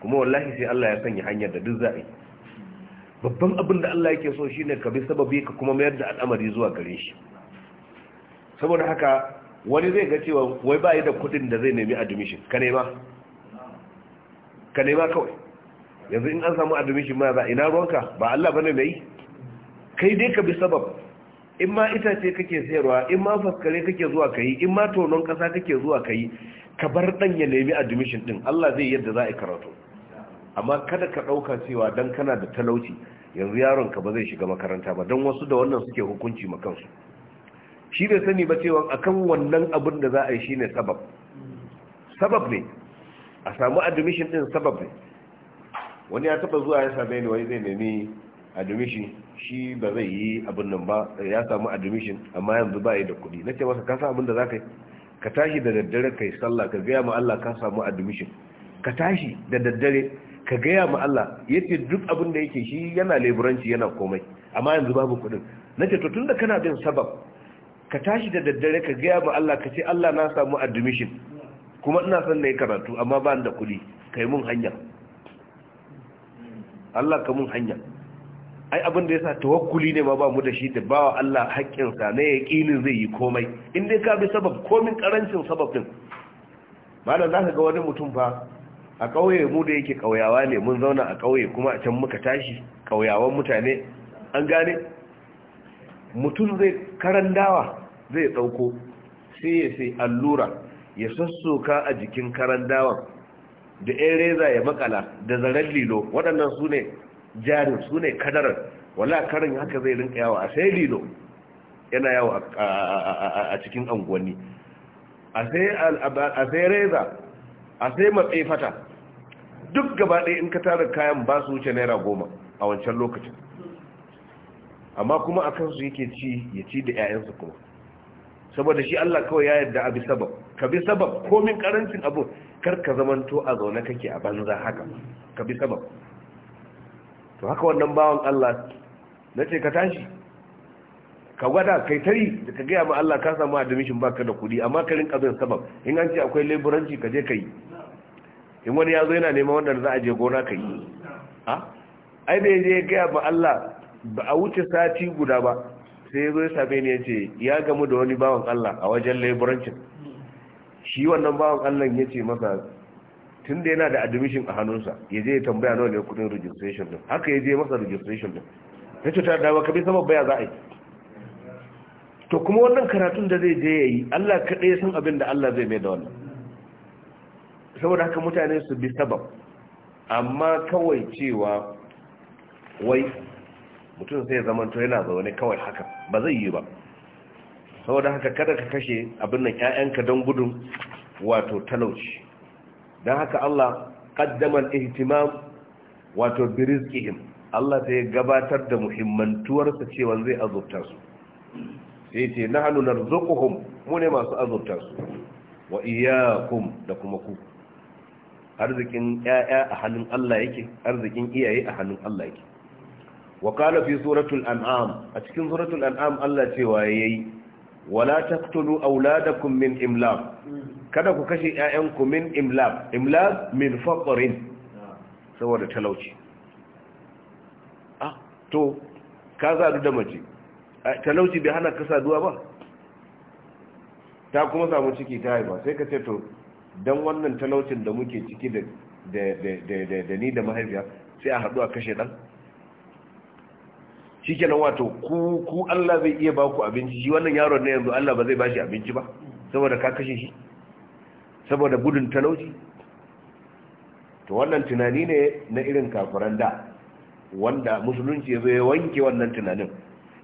kuma wallahi sai Allah ya sanya hanyar da duk za'a babban abin da Allah yake so shine ka bi sababi ka kuma mayar da al'amari zuwa gare shi saboda haka wani zai ga cewa wai ba da kuɗin da zai nemi admission ka nema ka nema kawai yanzu in an samu admission ma za ina ruwanka ba Allah bane mai kai dai ka bi sabab in ma itace kake sayarwa in ma faskare kake zuwa kayi in ma tonon kasa kake zuwa kayi ka bar dan ya nemi admission din Allah zai yadda za a karatu amma kada ka dauka cewa dan kana da talauci yanzu yaron ka ba zai shiga makaranta ba dan wasu da wannan suke hukunci ma kansu shi bai sani ba cewa akan wannan abin da za a yi shine sabab sabab ne a samu admission din sabab ne wani ya taba zuwa ya same ni wani zai nemi admission shi ba zai yi abin nan ba ya samu admission amma yanzu ba yi da kuɗi na ce masa ka sa abin da za ka yi ka tashi da daddare ka yi sallah ka gaya ma Allah ka samu admission ka tashi da daddare ka gaya ma Allah ya ce duk abin da yake shi yana leburanci yana komai amma yanzu babu kudin na ce to tun da kana bin sabab ka tashi da daddare ka gaya ma Allah ka ce Allah na samu admission kuma ina son na yi karatu amma ba da kuɗi ka yi mun hanya Allah ka mun hanya ai abin da yasa tawakkuli ne ma ba mu da shi da bawa Allah sa na yaƙinin zai yi komai in dai ka bi sabab komin karancin sabab din malam zaka ga wani mutum fa a ƙauye mu da yake ƙauyawa ne mun zauna a ƙauye kuma a can muka tashi ƙauyawan mutane an gane mutum zai karandawa zai ɗauko sai ya sai allura ya sassoka a jikin karandawar da 'yan reza ya makala da zaren lilo waɗannan su ne jarin su ne kadarar wala karin haka zai rinka yawo a sai lilo yana yawo a cikin anguwanni a sai reza a sai matse fata duk gaba ɗaya in ka tara kayan ba su wuce naira goma a wancan lokacin amma kuma a kansu yake ci ya ci da 'ya'yansu kuma saboda shi Allah kawai ya yarda abi sabab ka bi sabab komin karancin abu kar ka zamanto a zaune kake a banza haka ka bi sabab to haka wannan bawan Allah na ce ka tashi ka gwada kai tari da ka gaya ma Allah ka samu admission baka da kuɗi amma ka rinka zan sabab in an ce akwai leburanci ka je ka yi in wani ya zo yana neman wanda za a je gona ka yi a ah, ai da je gaya ma Allah ba a wuce sati guda ba sai ya zo ya same ni ya ce ya gamu da wani bawan Allah a wajen leburancin shi wannan bawan Allah ya ce masa tun da yana da admission a hannunsa ya je ya tambaya nawa ne kudin registration din haka ya je masa registration din ta ce ta dawa bi sama baya za a yi to kuma wannan karatun da zai je ya yi Allah kaɗai ya san abin da Allah zai mai da wannan saboda haka mutane su bi sabab amma kawai cewa wai mutum sai to yana zaune kawai haka ba zai yi ba saboda haka kada ka kashe abin nan 'ya'yanka don gudun wato talauci don haka Allah ƙaddamar ihtimam wato birizkihim Allah sai gabatar da muhimmantuwarsa cewa zai azurta su sai ce na hannu narzukuhum mu ne masu azurta su wa iyakun da kuma ku arzikin ƴaƴa a hannun Allah yake arzikin iyaye a hannun Allah yake wa qala fi suratul an'am a cikin suratul an'am Allah cewa yayi wala taqtulu auladakum min imlaq kada ku kashe 'ya'yanku min imlab imlab min faqrin saboda talauci ah to ka sadu da mace talauci bai hana ka saduwa ba ta kuma samu ciki ta haifa sai ka ce to dan wannan talaucin da muke ciki da da ni da mahaifiya sai a haɗu a kashe ɗan shi nan wato ku Allah zai iya baku abinci shi wannan yaron na yanzu Allah ba zai bashi abinci ba saboda ka kashe shi saboda gudun talauci to wannan tunani ne na irin kafiran da wanda musulunci ya zai wanke wannan tunanin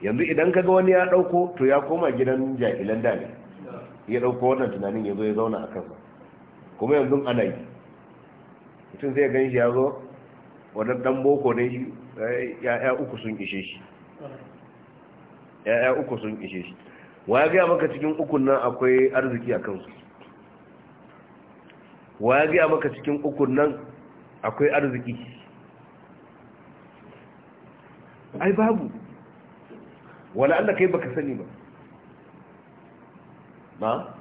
yanzu idan kaga wani ya dauko to ya koma gidan jahilan da ne ya dauko wannan tunanin ya zo ya zauna a kansa kuma yanzu ana yi mutum zai gan shi ya zo wadda dan boko ne shi eh, ya'ya uku sun ishe shi ya'ya uku sun ishe shi wa ya gaya maka cikin ukun nan akwai arziki a kansu wa ya gaya maka cikin ukun nan akwai arziki ai babu wani allah kai baka sani ba ba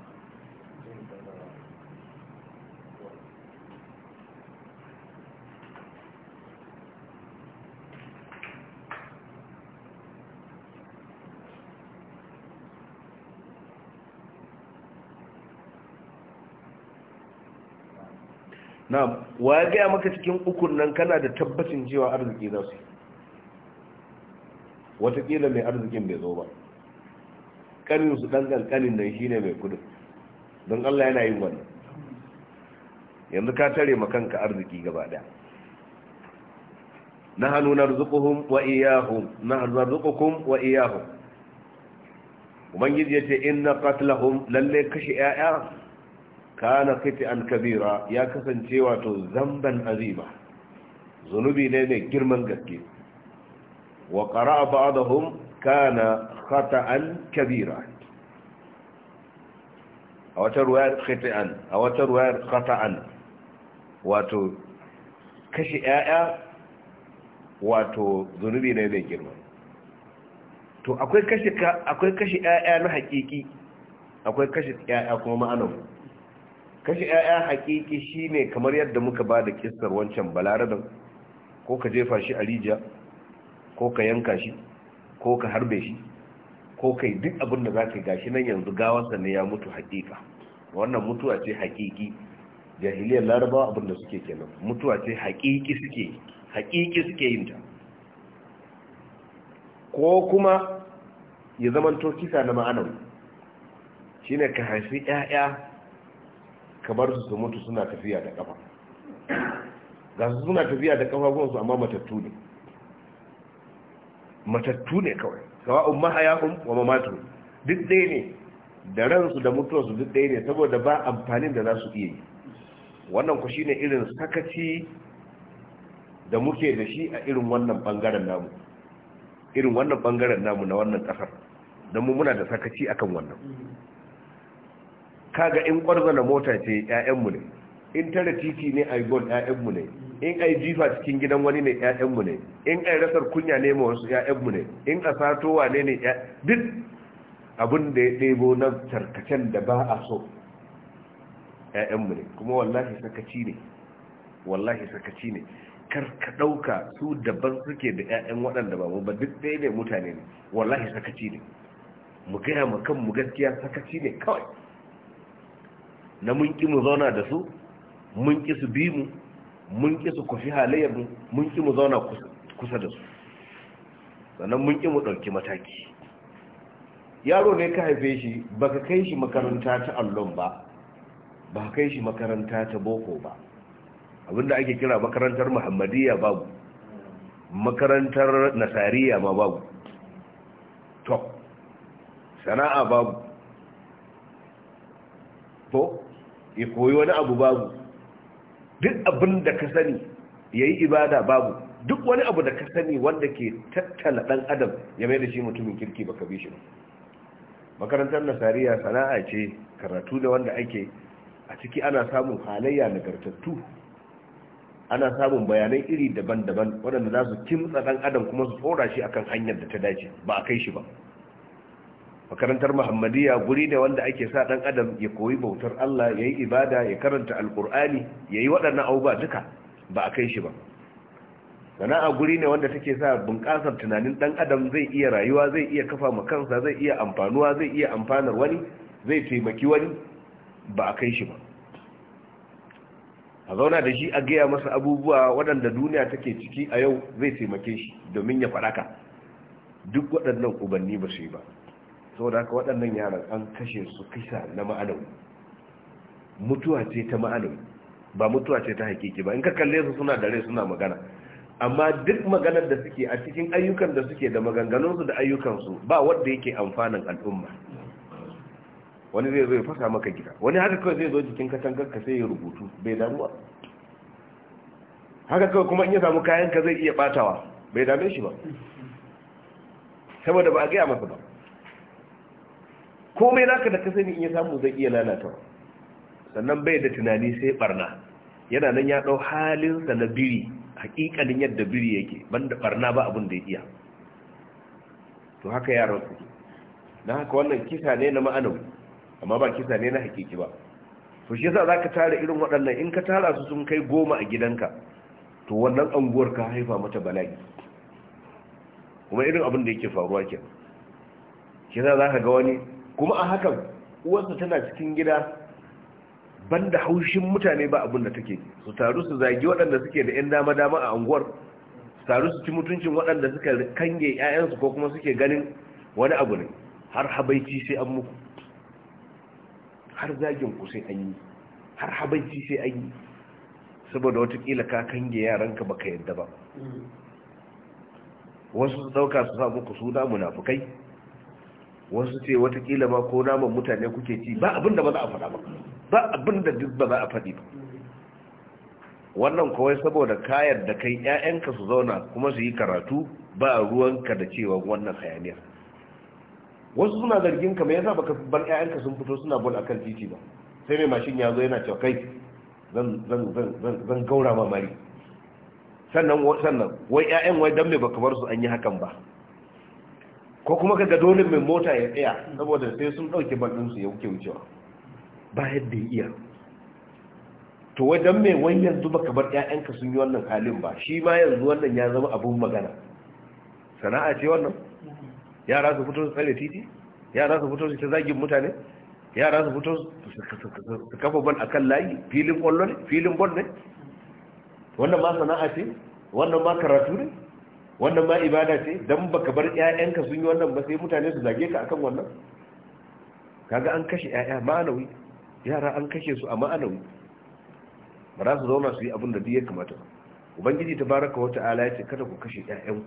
na wa ya gaya maka cikin ukun nan kana da tabbacin cewa arziki za su watakila mai arzikin bai zo ba kanin su dan kankanin nan ne mai kudin don Allah yana yin wannan yanzu ka tare ma kanka arziki gaba ɗaya na hannu na narzuquhum wa hannu na narzuqukum wa iyahun ubangiji ce inna qatlahum lalle kashi yaya kana kiti an kabira ya kasance wato zamban azima zunubi ne mai girman gaske wa a ba'dahum kana khata'an kabira a wata ruwayar khata'an a wata ruwayar kata an wato kashi ƴaƴa wato zunubi ne mai girma to akwai kashi akwai kashi ƴaƴa na hakiki akwai kashi ƴaƴa kuma ma'anar kashe 'ya'ya hakiki shine kamar yadda muka ba da kistar wancan balarabin ko ka jefa shi a rijiya ko ka yanka shi ko ka harbe shi ko kai duk abin da za ka gashi nan yanzu gawansa ne ya mutu hakika wannan mutuwa ce hakiki jahiliyar larabawa abin da suke kenan mutuwa ce hakiki suke hakiki suke yin ta ko kuma ya zamanto kisa na ma'anar shine ka haifi 'ya'ya kamar su su mutu suna tafiya da kafa ga su suna tafiya da gonsu amma matattu ne matattu ne kawai umma mahayahum wa mamatu duk ɗaya ne da ransu da mutuwarsu duk ɗaya ne saboda ba amfanin da za su iya yi wannan ku shine irin sakaci da muke da shi a irin wannan bangaren namu irin wannan bangaren namu na wannan kasar don mu muna da sakaci akan wannan kaga in na mota ce 'ya'yanmu ne in tara titi ne a gold 'ya'yanmu ne in ai jifa cikin gidan wani ne 'ya'yanmu ne in ai rasar kunya ne ma wasu 'ya'yanmu ne in a satowa ne ne duk abin da ya ɗebo na tarkacen da ba a so 'ya'yanmu ne kuma wallahi sakaci ne wallahi sakaci ne kar ka ɗauka su daban suke da 'ya'yan waɗanda ba mu ba duk ɗaya ne mutane ne wallahi sakaci ne mu gaya ma kanmu gaskiya sakaci ne kawai na mun ƙi mu zauna da su mun ƙi su bi mu mun ƙi su kufi halayyar mu mun ƙi mu zauna kusa da su sannan mun ƙi mu ɗauki mataki yaro ne ka haife shi ba ka kai shi makaranta ta allon ba ba ka kai shi makaranta ta boko ba abinda ake kira makarantar muhammadiyya babu makarantar nasariya ma babu to sana'a babu to ya koyi wani abu babu duk abin da ka sani ya yi ibada babu duk wani abu da ka sani wanda ke tattala ɗan adam ya mai da shi mutumin kirki baka bi shi ba makarantar nasariya sana'a ce karatu da wanda ake a ciki ana samun halayya nagartattu ana samun bayanai iri daban-daban waɗanda za su kimtsa ɗan adam kuma su fora shi akan hanyar da ta dace ba a kai shi ba makarantar muhammadiyya guri ne wanda ake sa dan adam ya koyi bautar Allah ya yi ibada ya karanta alkur'ani ya yi waɗannan abubuwa duka ba a kai shi ba a guri ne wanda take sa bunƙasar tunanin dan adam zai iya rayuwa zai iya kafa ma kansa zai iya amfanuwa zai iya amfanar wani zai taimaki wani ba a kai shi ba a zauna da shi a gaya masa abubuwa waɗanda duniya take ciki a yau zai taimake shi domin ya faɗaka duk waɗannan ubanni ba su yi ba saboda ka waɗannan yaran an kashe su kisa na ma'anau mutuwa ce ta ma'anau ba mutuwa ce ta hakiki ba in ka kalle su suna da rai suna magana amma duk maganar da suke a cikin ayyukan da suke da maganganunsu da ayyukansu ba wanda yake amfanin al'umma wani zai zo ya fasa maka gida wani haka kawai zai zo jikin katangar ka sai ya rubutu bai damuwa haka kawai kuma in ya samu kayan ka zai iya batawa bai dame shi ba saboda ba a gaya masa ba komai naka da ka sani in ya samu zai iya lalata sannan bai da tunani sai barna yana nan ya dau halinsa na biri hakikalin yadda biri yake banda barna ba abin da ya iya to haka ya su na haka wannan kisa ne na ma'anawi amma ba kisa ne na hakiki ba to shi yasa zaka tara irin waɗannan in ka tara su sun kai goma a gidanka to wannan anguwar ka haifa mata bala'i kuma irin abin da yake faruwa kenan shi yasa zaka ga wani kuma a hakan uwarsa tana cikin gida banda haushin mutane ba abin da take su taru su zagi waɗanda suke da 'yan dama-dama a unguwar su taru su ci mutuncin waɗanda suka kange 'ya'yansu ko kuma suke ganin wani abu ne har habaici sai an muku har zagin ku sai an yi har habaici sai an yi saboda watakila ka kange yaranka baka yadda ba mm. wasu su ɗauka su sa muku su da munafukai wasu ce watakila ma ko naman mutane kuke ci ba abin da ba za a faɗa ba ba abin da duk ba za a faɗi ba wannan kawai saboda kayan da kai 'ya'yanka su zauna kuma su yi karatu ba ruwanka da cewa wannan hayaniya. wasu suna zargin ka me yasa baka bar ƴaƴanka sun fito suna bol akan titi ba sai mai mashin ya zo yana cewa kai zan zan zan zan gaura ma mari sannan sannan wai ƴaƴan wai dan me baka bar su an yi hakan ba ko kuma ga dole mai mota ya tsaya saboda sai sun dauke bakin su ya wuce wucewa ba yadda ya iya to wajen mai wani yanzu baka bar ƴaƴanka sun yi wannan halin ba shi ma yanzu wannan ya zama abun magana sana'a ce wannan yara su fito su tsare titi yara su fito su ta zagin mutane yara su fito su kafa ban akan layi filin kwallo ne filin bol ne wannan ma sana'a ce wannan ma karatu ne wannan ma ibada ce dan baka bar ƴaƴanka sun yi wannan ba sai mutane su zage ka akan wannan kaga an kashe ƴaƴa ma'anawi yara an kashe su a ma'anawi ba za su zauna su yi abin da duk ya kamata ba ubangiji ta Baraka wata ala ya ce kada ku kashe ƴaƴanku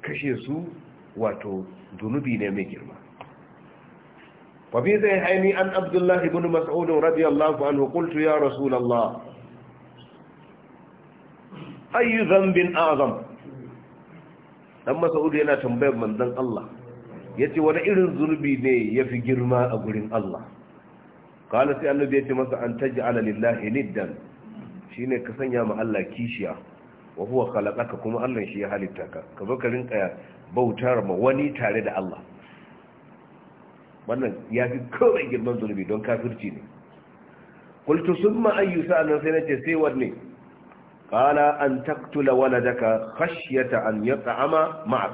kashe su wato zunubi ne mai girma wa bi zai haini an abdullahi ibn mas'ud radiyallahu anhu qultu ya rasulullah ayyu zambin azam dan masaudu yana tambayar manzon Allah yace wani irin zunubi ne yafi girma a gurin Allah kana sai annabi yace masa an taj'ala lillahi niddan shine ka sanya ma Allah kishiya wa huwa khalaqaka kuma Allah shi ya halitta ka ka zo ka rinka bautar ma wani tare da Allah wannan ya fi kawai girman zunubi don kafirci ne kultu summa ayyu sa'an sai nace sai wanne قال an تقتل ولدك خشية an يطعم معك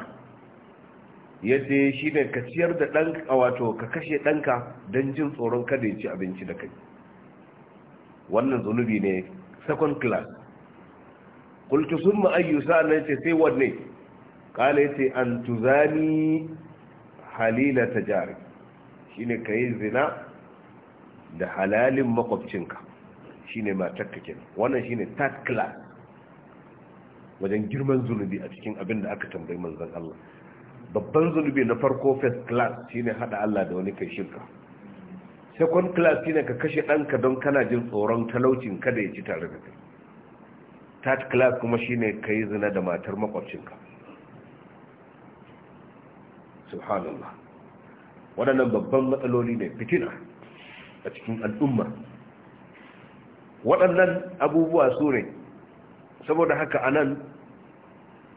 yace shi ne ka ciyar da dan wato ka kashe ɗanka dan jin tsoron kada ya ci abinci da kai wannan zunubi ne second class qultu summa ayyu sa'an ce sai wanne qala yace an tuzani halila tajari shine kai zina da halalin makwabcinka shine ne wannan shine third class wajen girman zunubi a cikin abin da aka tambayi manzan Allah babban zunubi na farko first class shine hada Allah da wani kai shirka second class shine ka kashe ɗanka don kana jin tsoron talaucin kada ya ci tare da kai third class kuma shine ka yi zina da matar makwabcinka subhanallah waɗannan babban matsaloli ne fitina a cikin al'umma waɗannan abubuwa su ne saboda haka anan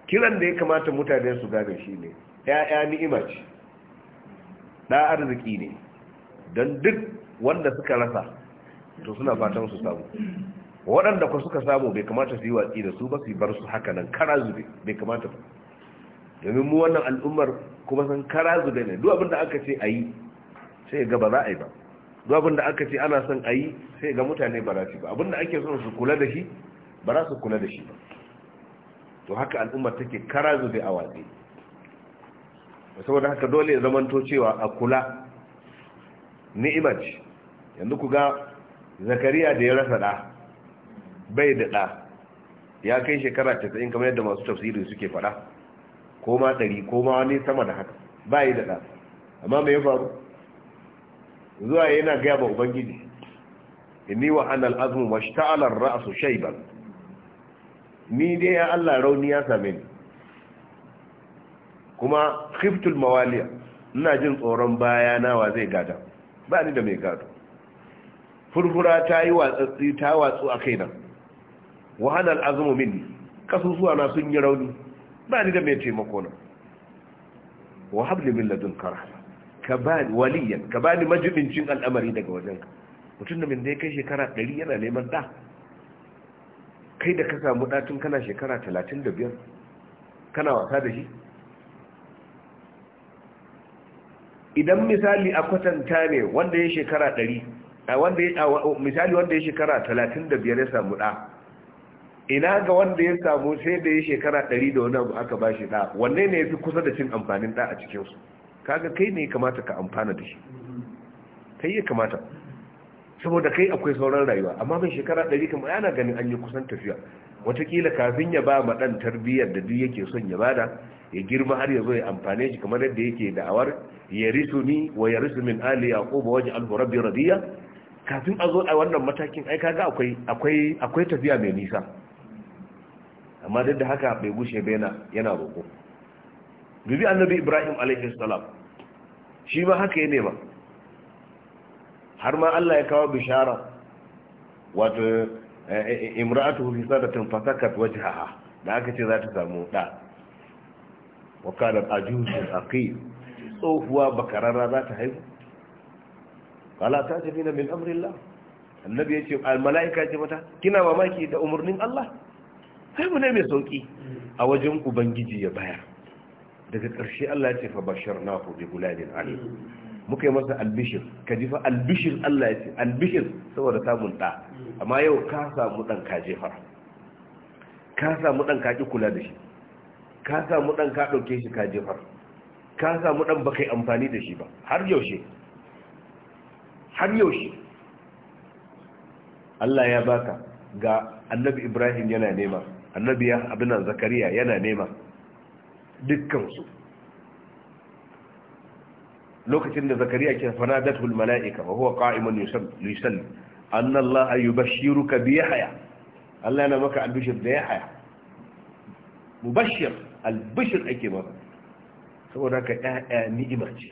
kiran da ya kamata mutane su gane shi ne ya'ya ni'ima ce da arziki ne don duk wanda suka rasa to suna fatan su samu waɗanda ku suka samu bai kamata su yi watsi da su ba su bar su haka nan kara zube bai kamata ba domin mu wannan al'ummar kuma san kara zube ne duk abin da aka ce a yi sai ga ba za a yi ba duk abin da aka ce ana son a yi sai ga mutane ba za su ba abin da ake son su kula da shi ba za su kula da shi ba to haka al'ummar take karazu zube a saboda haka dole ya zamanto cewa a kula ni'imar yanzu ku ga zakariya da ya rasa ɗa bai da ɗa ya kai shekara 90 kamar yadda masu tafsiri suke fada ko ma 100 ko ma wani sama da haka bai da ɗa amma me ya faru zuwa yana gaya ba ubangiji inni wa anal azmu washta'ala ar-ra'su shayban ni dai ya Allah rauni ya same ni kuma khiftul mawaliya ina jin tsoron baya wa zai gada ba ni da mai gado furfura ta yi watsatsi ta watsu a kaina wahalar azumu minni kasusuwa na sun yi rauni ba ni da mai taimako na wa habli min ladun ka ba ni waliyan ka ba ni majibincin al'amari daga wajenka mutum da min da ya kai shekara 100 yana neman da kai da ka samu ɗatun kana shekara talatin da biyar kana wasa da shi idan misali a kwatanta ne wanda ya shekara ɗari misali wanda ya shekara talatin da biyar ya samu ɗa ina ga wanda ya samu sai da ya shekara ɗari da wani abu aka ba shi ɗa wanne ne ya fi kusa da cin amfanin ɗa a cikinsu kaga kai ne ya kamata ka amfana da shi kai ya kamata saboda kai akwai sauran rayuwa amma mai shekara ɗari kamar yana ganin an yi kusan tafiya watakila kafin ya ba ma ɗan tarbiyyar da duk yake son ya bada ya girma har ya zo ya amfane shi kamar yadda yake da'awar ya risu ni wa ya risu min ali yaquba waje al rabbi radiya kafin a zo a wannan matakin ai kaga akwai akwai akwai tafiya mai nisa amma duk da haka bai gushe ba yana yana roƙo dubi annabi ibrahim alaihi salam shi ma haka ya nema har ma Allah ya kawo bishara wato eh, eh, eh, Imraatu fi sadatin fasakat wajhaha da aka ce za ta samu da wa kana ajuzun aqil tsohuwa bakararra za ta haihu qala ta tajina min amrillah annabi ya ce mala'ika ce mata kina mamaki da umarnin Allah sai mu ne mai sauki a wajen ubangiji ya bayar daga ƙarshe Allah ya ce fa bashar na ku bi gulamin alim muka yi masa albishir ka ji fa albishir Allah ya ce albishir saboda samun ɗa amma yau ka samu ɗan ka jefar ka samu ɗan ka ƙi kula da shi ka samu ɗan ka ɗauke shi ka jefar ka samu ɗan ba yi amfani da shi ba har yaushe har yaushe Allah ya baka ga annabi Ibrahim yana nema annabi Abdullahi Zakariya yana nema dukkansu lokacin da zakariya ke fanadatul mala'ika wa huwa qa'iman yusalli anna Allah yubashshiruka bi yahya Allah yana maka albishir da mu bashir albishir ake maka saboda ka ya'ya ni'ima ce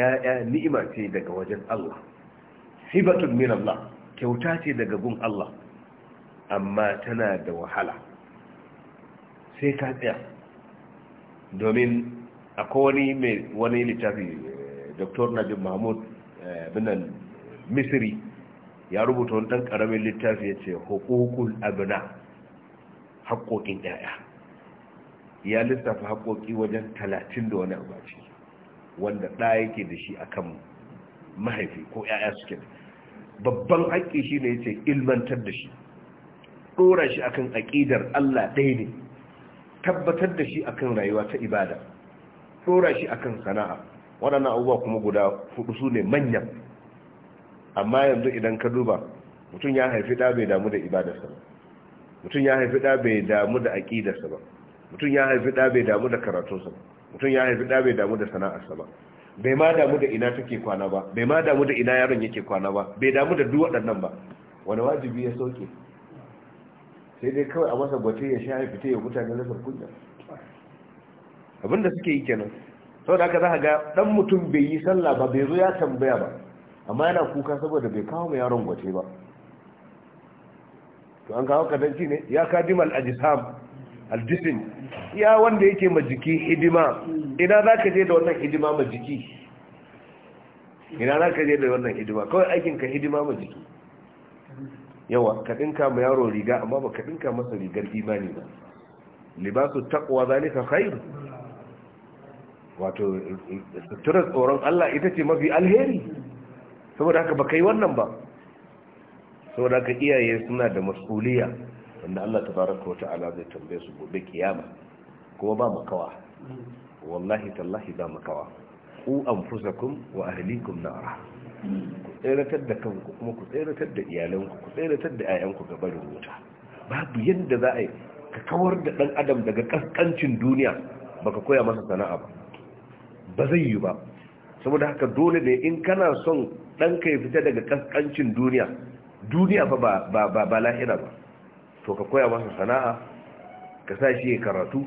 ya'ya ni'ima ce daga wajen Allah hibatun min Allah kyauta ce daga gun Allah amma tana da wahala sai ka tsaya domin akwai wani mai wani littafi eh, dr najib mahmud eh, binan misri ya rubuta wani ɗan ƙaramin littafi ya ce hukukun abina haƙoƙin ƴaƴa ya lissafa haƙoƙi wajen talatin da wani abaci wanda ɗaya yake da shi akan mahaifi ko 'ya'ya suke babban haƙƙi shi ne ya ce ilmantar da shi ɗora shi akan aƙidar allah ɗaya ne tabbatar da shi akan rayuwa ta ibada tura shi a kan sana'a waɗannan abubuwa kuma guda hudu su ne manyan amma yanzu idan ka duba mutum ya haifi ɗa bai damu da ibadarsa ba mutum ya haifi ɗa bai damu da aƙidarsa ba mutum ya haifi ɗa bai damu da karatunsa ba mutum ya haifi ɗa bai damu da sana'arsa ba bai ma damu da ina take kwana ba bai ma damu da ina yaron yake kwana ba bai damu da duk waɗannan ba wani wajibi ya sauke sai dai kawai a masa gwate ya sha ya fita ya mutane rasar kunya abinda suke yi kenan sau da aka za ga ɗan mutum bai yi sallah ba bai zo ya tambaya ba amma yana kuka saboda bai kawo mai yaron gwace ba to an kawo kadanci ne ya kadimal ajisam aljisim ya wanda yake ma jiki hidima ina za ka je da wannan hidima ma jiki ina za ka je da wannan hidima kawai aikin ka hidima ma jiki yawa ka ɗinka ma yaro riga amma ba ka ɗinka masa rigar imani ba libasu taqwa zalika khairu wato suturar tsoron Allah ita ce mafi alheri saboda haka ba kai wannan ba saboda haka iyaye suna da masuliya wanda Allah ta fara wa ta'ala zai tambaye su gobe kiyama kuma ba makawa wallahi tallahi ba makawa ku kun wa na ara ku tseratar da kanku kuma ku tseratar da iyalanku ku tseratar da 'ya'yanku ga barin wuta babu yadda za a yi ka kawar da ɗan adam daga ƙasƙancin duniya baka koya masa sana'a ba ba zai yi ba saboda haka dole ne in kana son ɗanka ya fita daga kaskancin duniya duniya fa ba lahira ba to ka koya masa sana'a ka sa shi ya karatu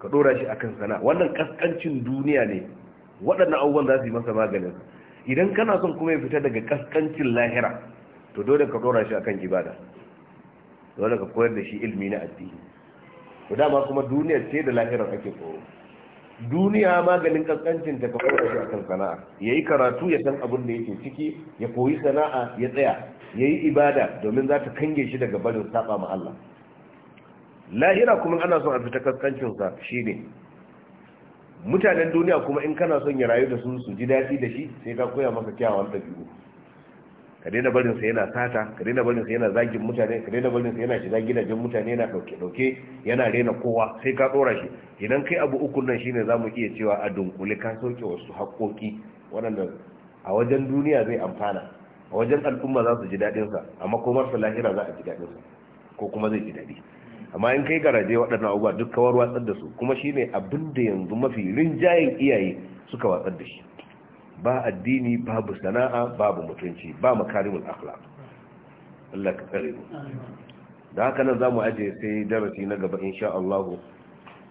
ka ɗora shi akan sana'a wannan kaskancin duniya ne waɗannan abubuwan za su yi masa maganin idan kana son kuma ya fita daga kaskancin lahira to dole ka ɗora shi akan ibada dole ka koyar da shi ilmi na addini ko dama kuma duniyar ce da lahirar ake koyo duniya maganin kaskancin ta kafa da akan sana'a yayi karatu ya san abin da yake ciki ya koyi sana'a ya tsaya yayi ibada domin za ta kange shi daga barin saba ma Allah lahira kuma ana son a fita kaskancin sa ne. mutanen duniya kuma in kana son ya rayu da su su ji daɗi da shi sai ka koya maka kyawawan ɗabi'u ka daina barin sa yana sata ka daina barin sa yana zagin mutane ka daina barin yana shiga gidajen mutane yana dauke dauke yana rena kowa sai ka tsora shi idan kai abu uku nan shine zamu iya cewa a dunkule ka sauke wasu haƙoƙi waɗanda a wajen duniya zai amfana a wajen al'umma za su ji daɗin sa amma lahira za a ji daɗin sa ko kuma zai ji daɗi amma in kai garaje waɗannan abubuwa duk kawar watsar da su kuma shine abin da yanzu mafi rinjayen iyaye suka watsar da shi ba addini babu sana'a babu mutunci ba makarimul akhlaq Allah ka tsare mu da haka nan zamu aje sai darasi na gaba insha Allah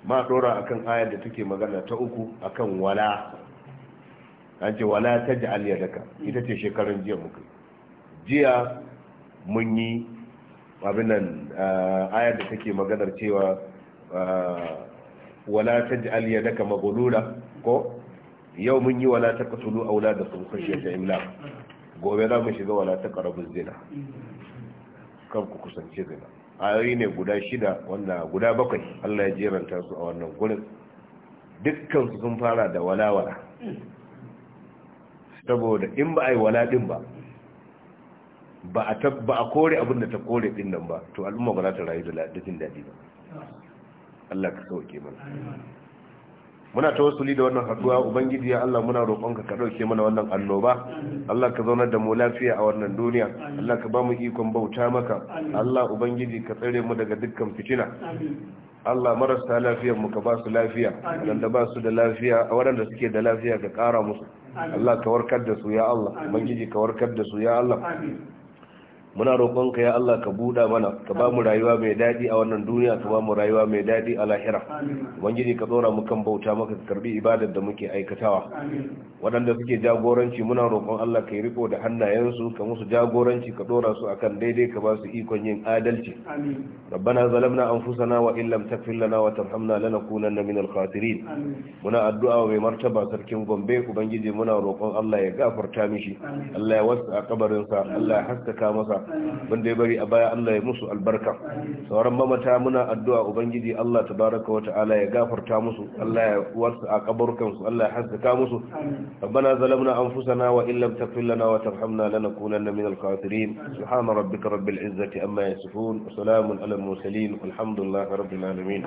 ma dora akan ayar da take magana ta uku akan wala an ce wala taj'al yadaka ita ce shekarun jiya muka jiya mun yi abin nan eh, ayar da take maganar cewa eh, wala taj'al yadaka maghlula ko yau mun yi wala ta a wula da sun kashe ta imla gobe za mu shiga wala ta karabin zina kan ku kusance zina ayoyi ne guda shida wanda guda bakwai Allah ya jeranta su a wannan gurin dukkan su sun fara da walawala saboda in ba a yi wala din ba ba a kore abin da ta kore din nan ba to al'umma ba za ta rayu da ladin daɗi ba Allah ka sauke mana muna ta wasuli da wannan haduwa ubangiji ya Allah muna roƙonka ka dauke mana wannan annoba Allah ka zaunar da mu lafiya a wannan duniya Allah ka bamu ikon bauta maka Allah ubangiji ka tsare mu daga dukkan fitina Allah marasa lafiyar mu ka ba su lafiya wanda ba su da lafiya a waɗanda suke da lafiya ka ƙara musu Allah ka warkar da su ya Allah ubangiji ka warkar da su ya Allah muna roƙonka ya Allah ka buɗa mana ka ba mu rayuwa mai daɗi a wannan duniya ka ba mu rayuwa mai daɗi a lahira ubangiji ka tsora mu kan bauta maka ka karbi ibadar da muke aikatawa waɗanda suke jagoranci muna roƙon Allah ka yi riko da hannayensu ka musu jagoranci ka ɗora su akan daidai ka ba su ikon yin adalci rabbana zalamna anfusana wa illam taghfir lana wa tarhamna lanakunanna minal khasirin muna addu'a mai martaba sarkin Gombe ubangiji muna roƙon Allah ya gafarta mishi Allah ya wasa kabarinsa Allah ya haskaka masa wanda ya bari a baya Allah ya musu albarka sauran mamata muna addu'a ubangiji Allah tabaraka wa ta'ala ya gafarta musu Allah ya wasu a kaburkan su Allah ya haskaka musu rabbana zalamna anfusana wa illam taghfir lana wa tarhamna lanakunanna minal khasirin subhana rabbika rabbil izzati amma yasifun wa salamun alal mursalin walhamdulillahi rabbil alamin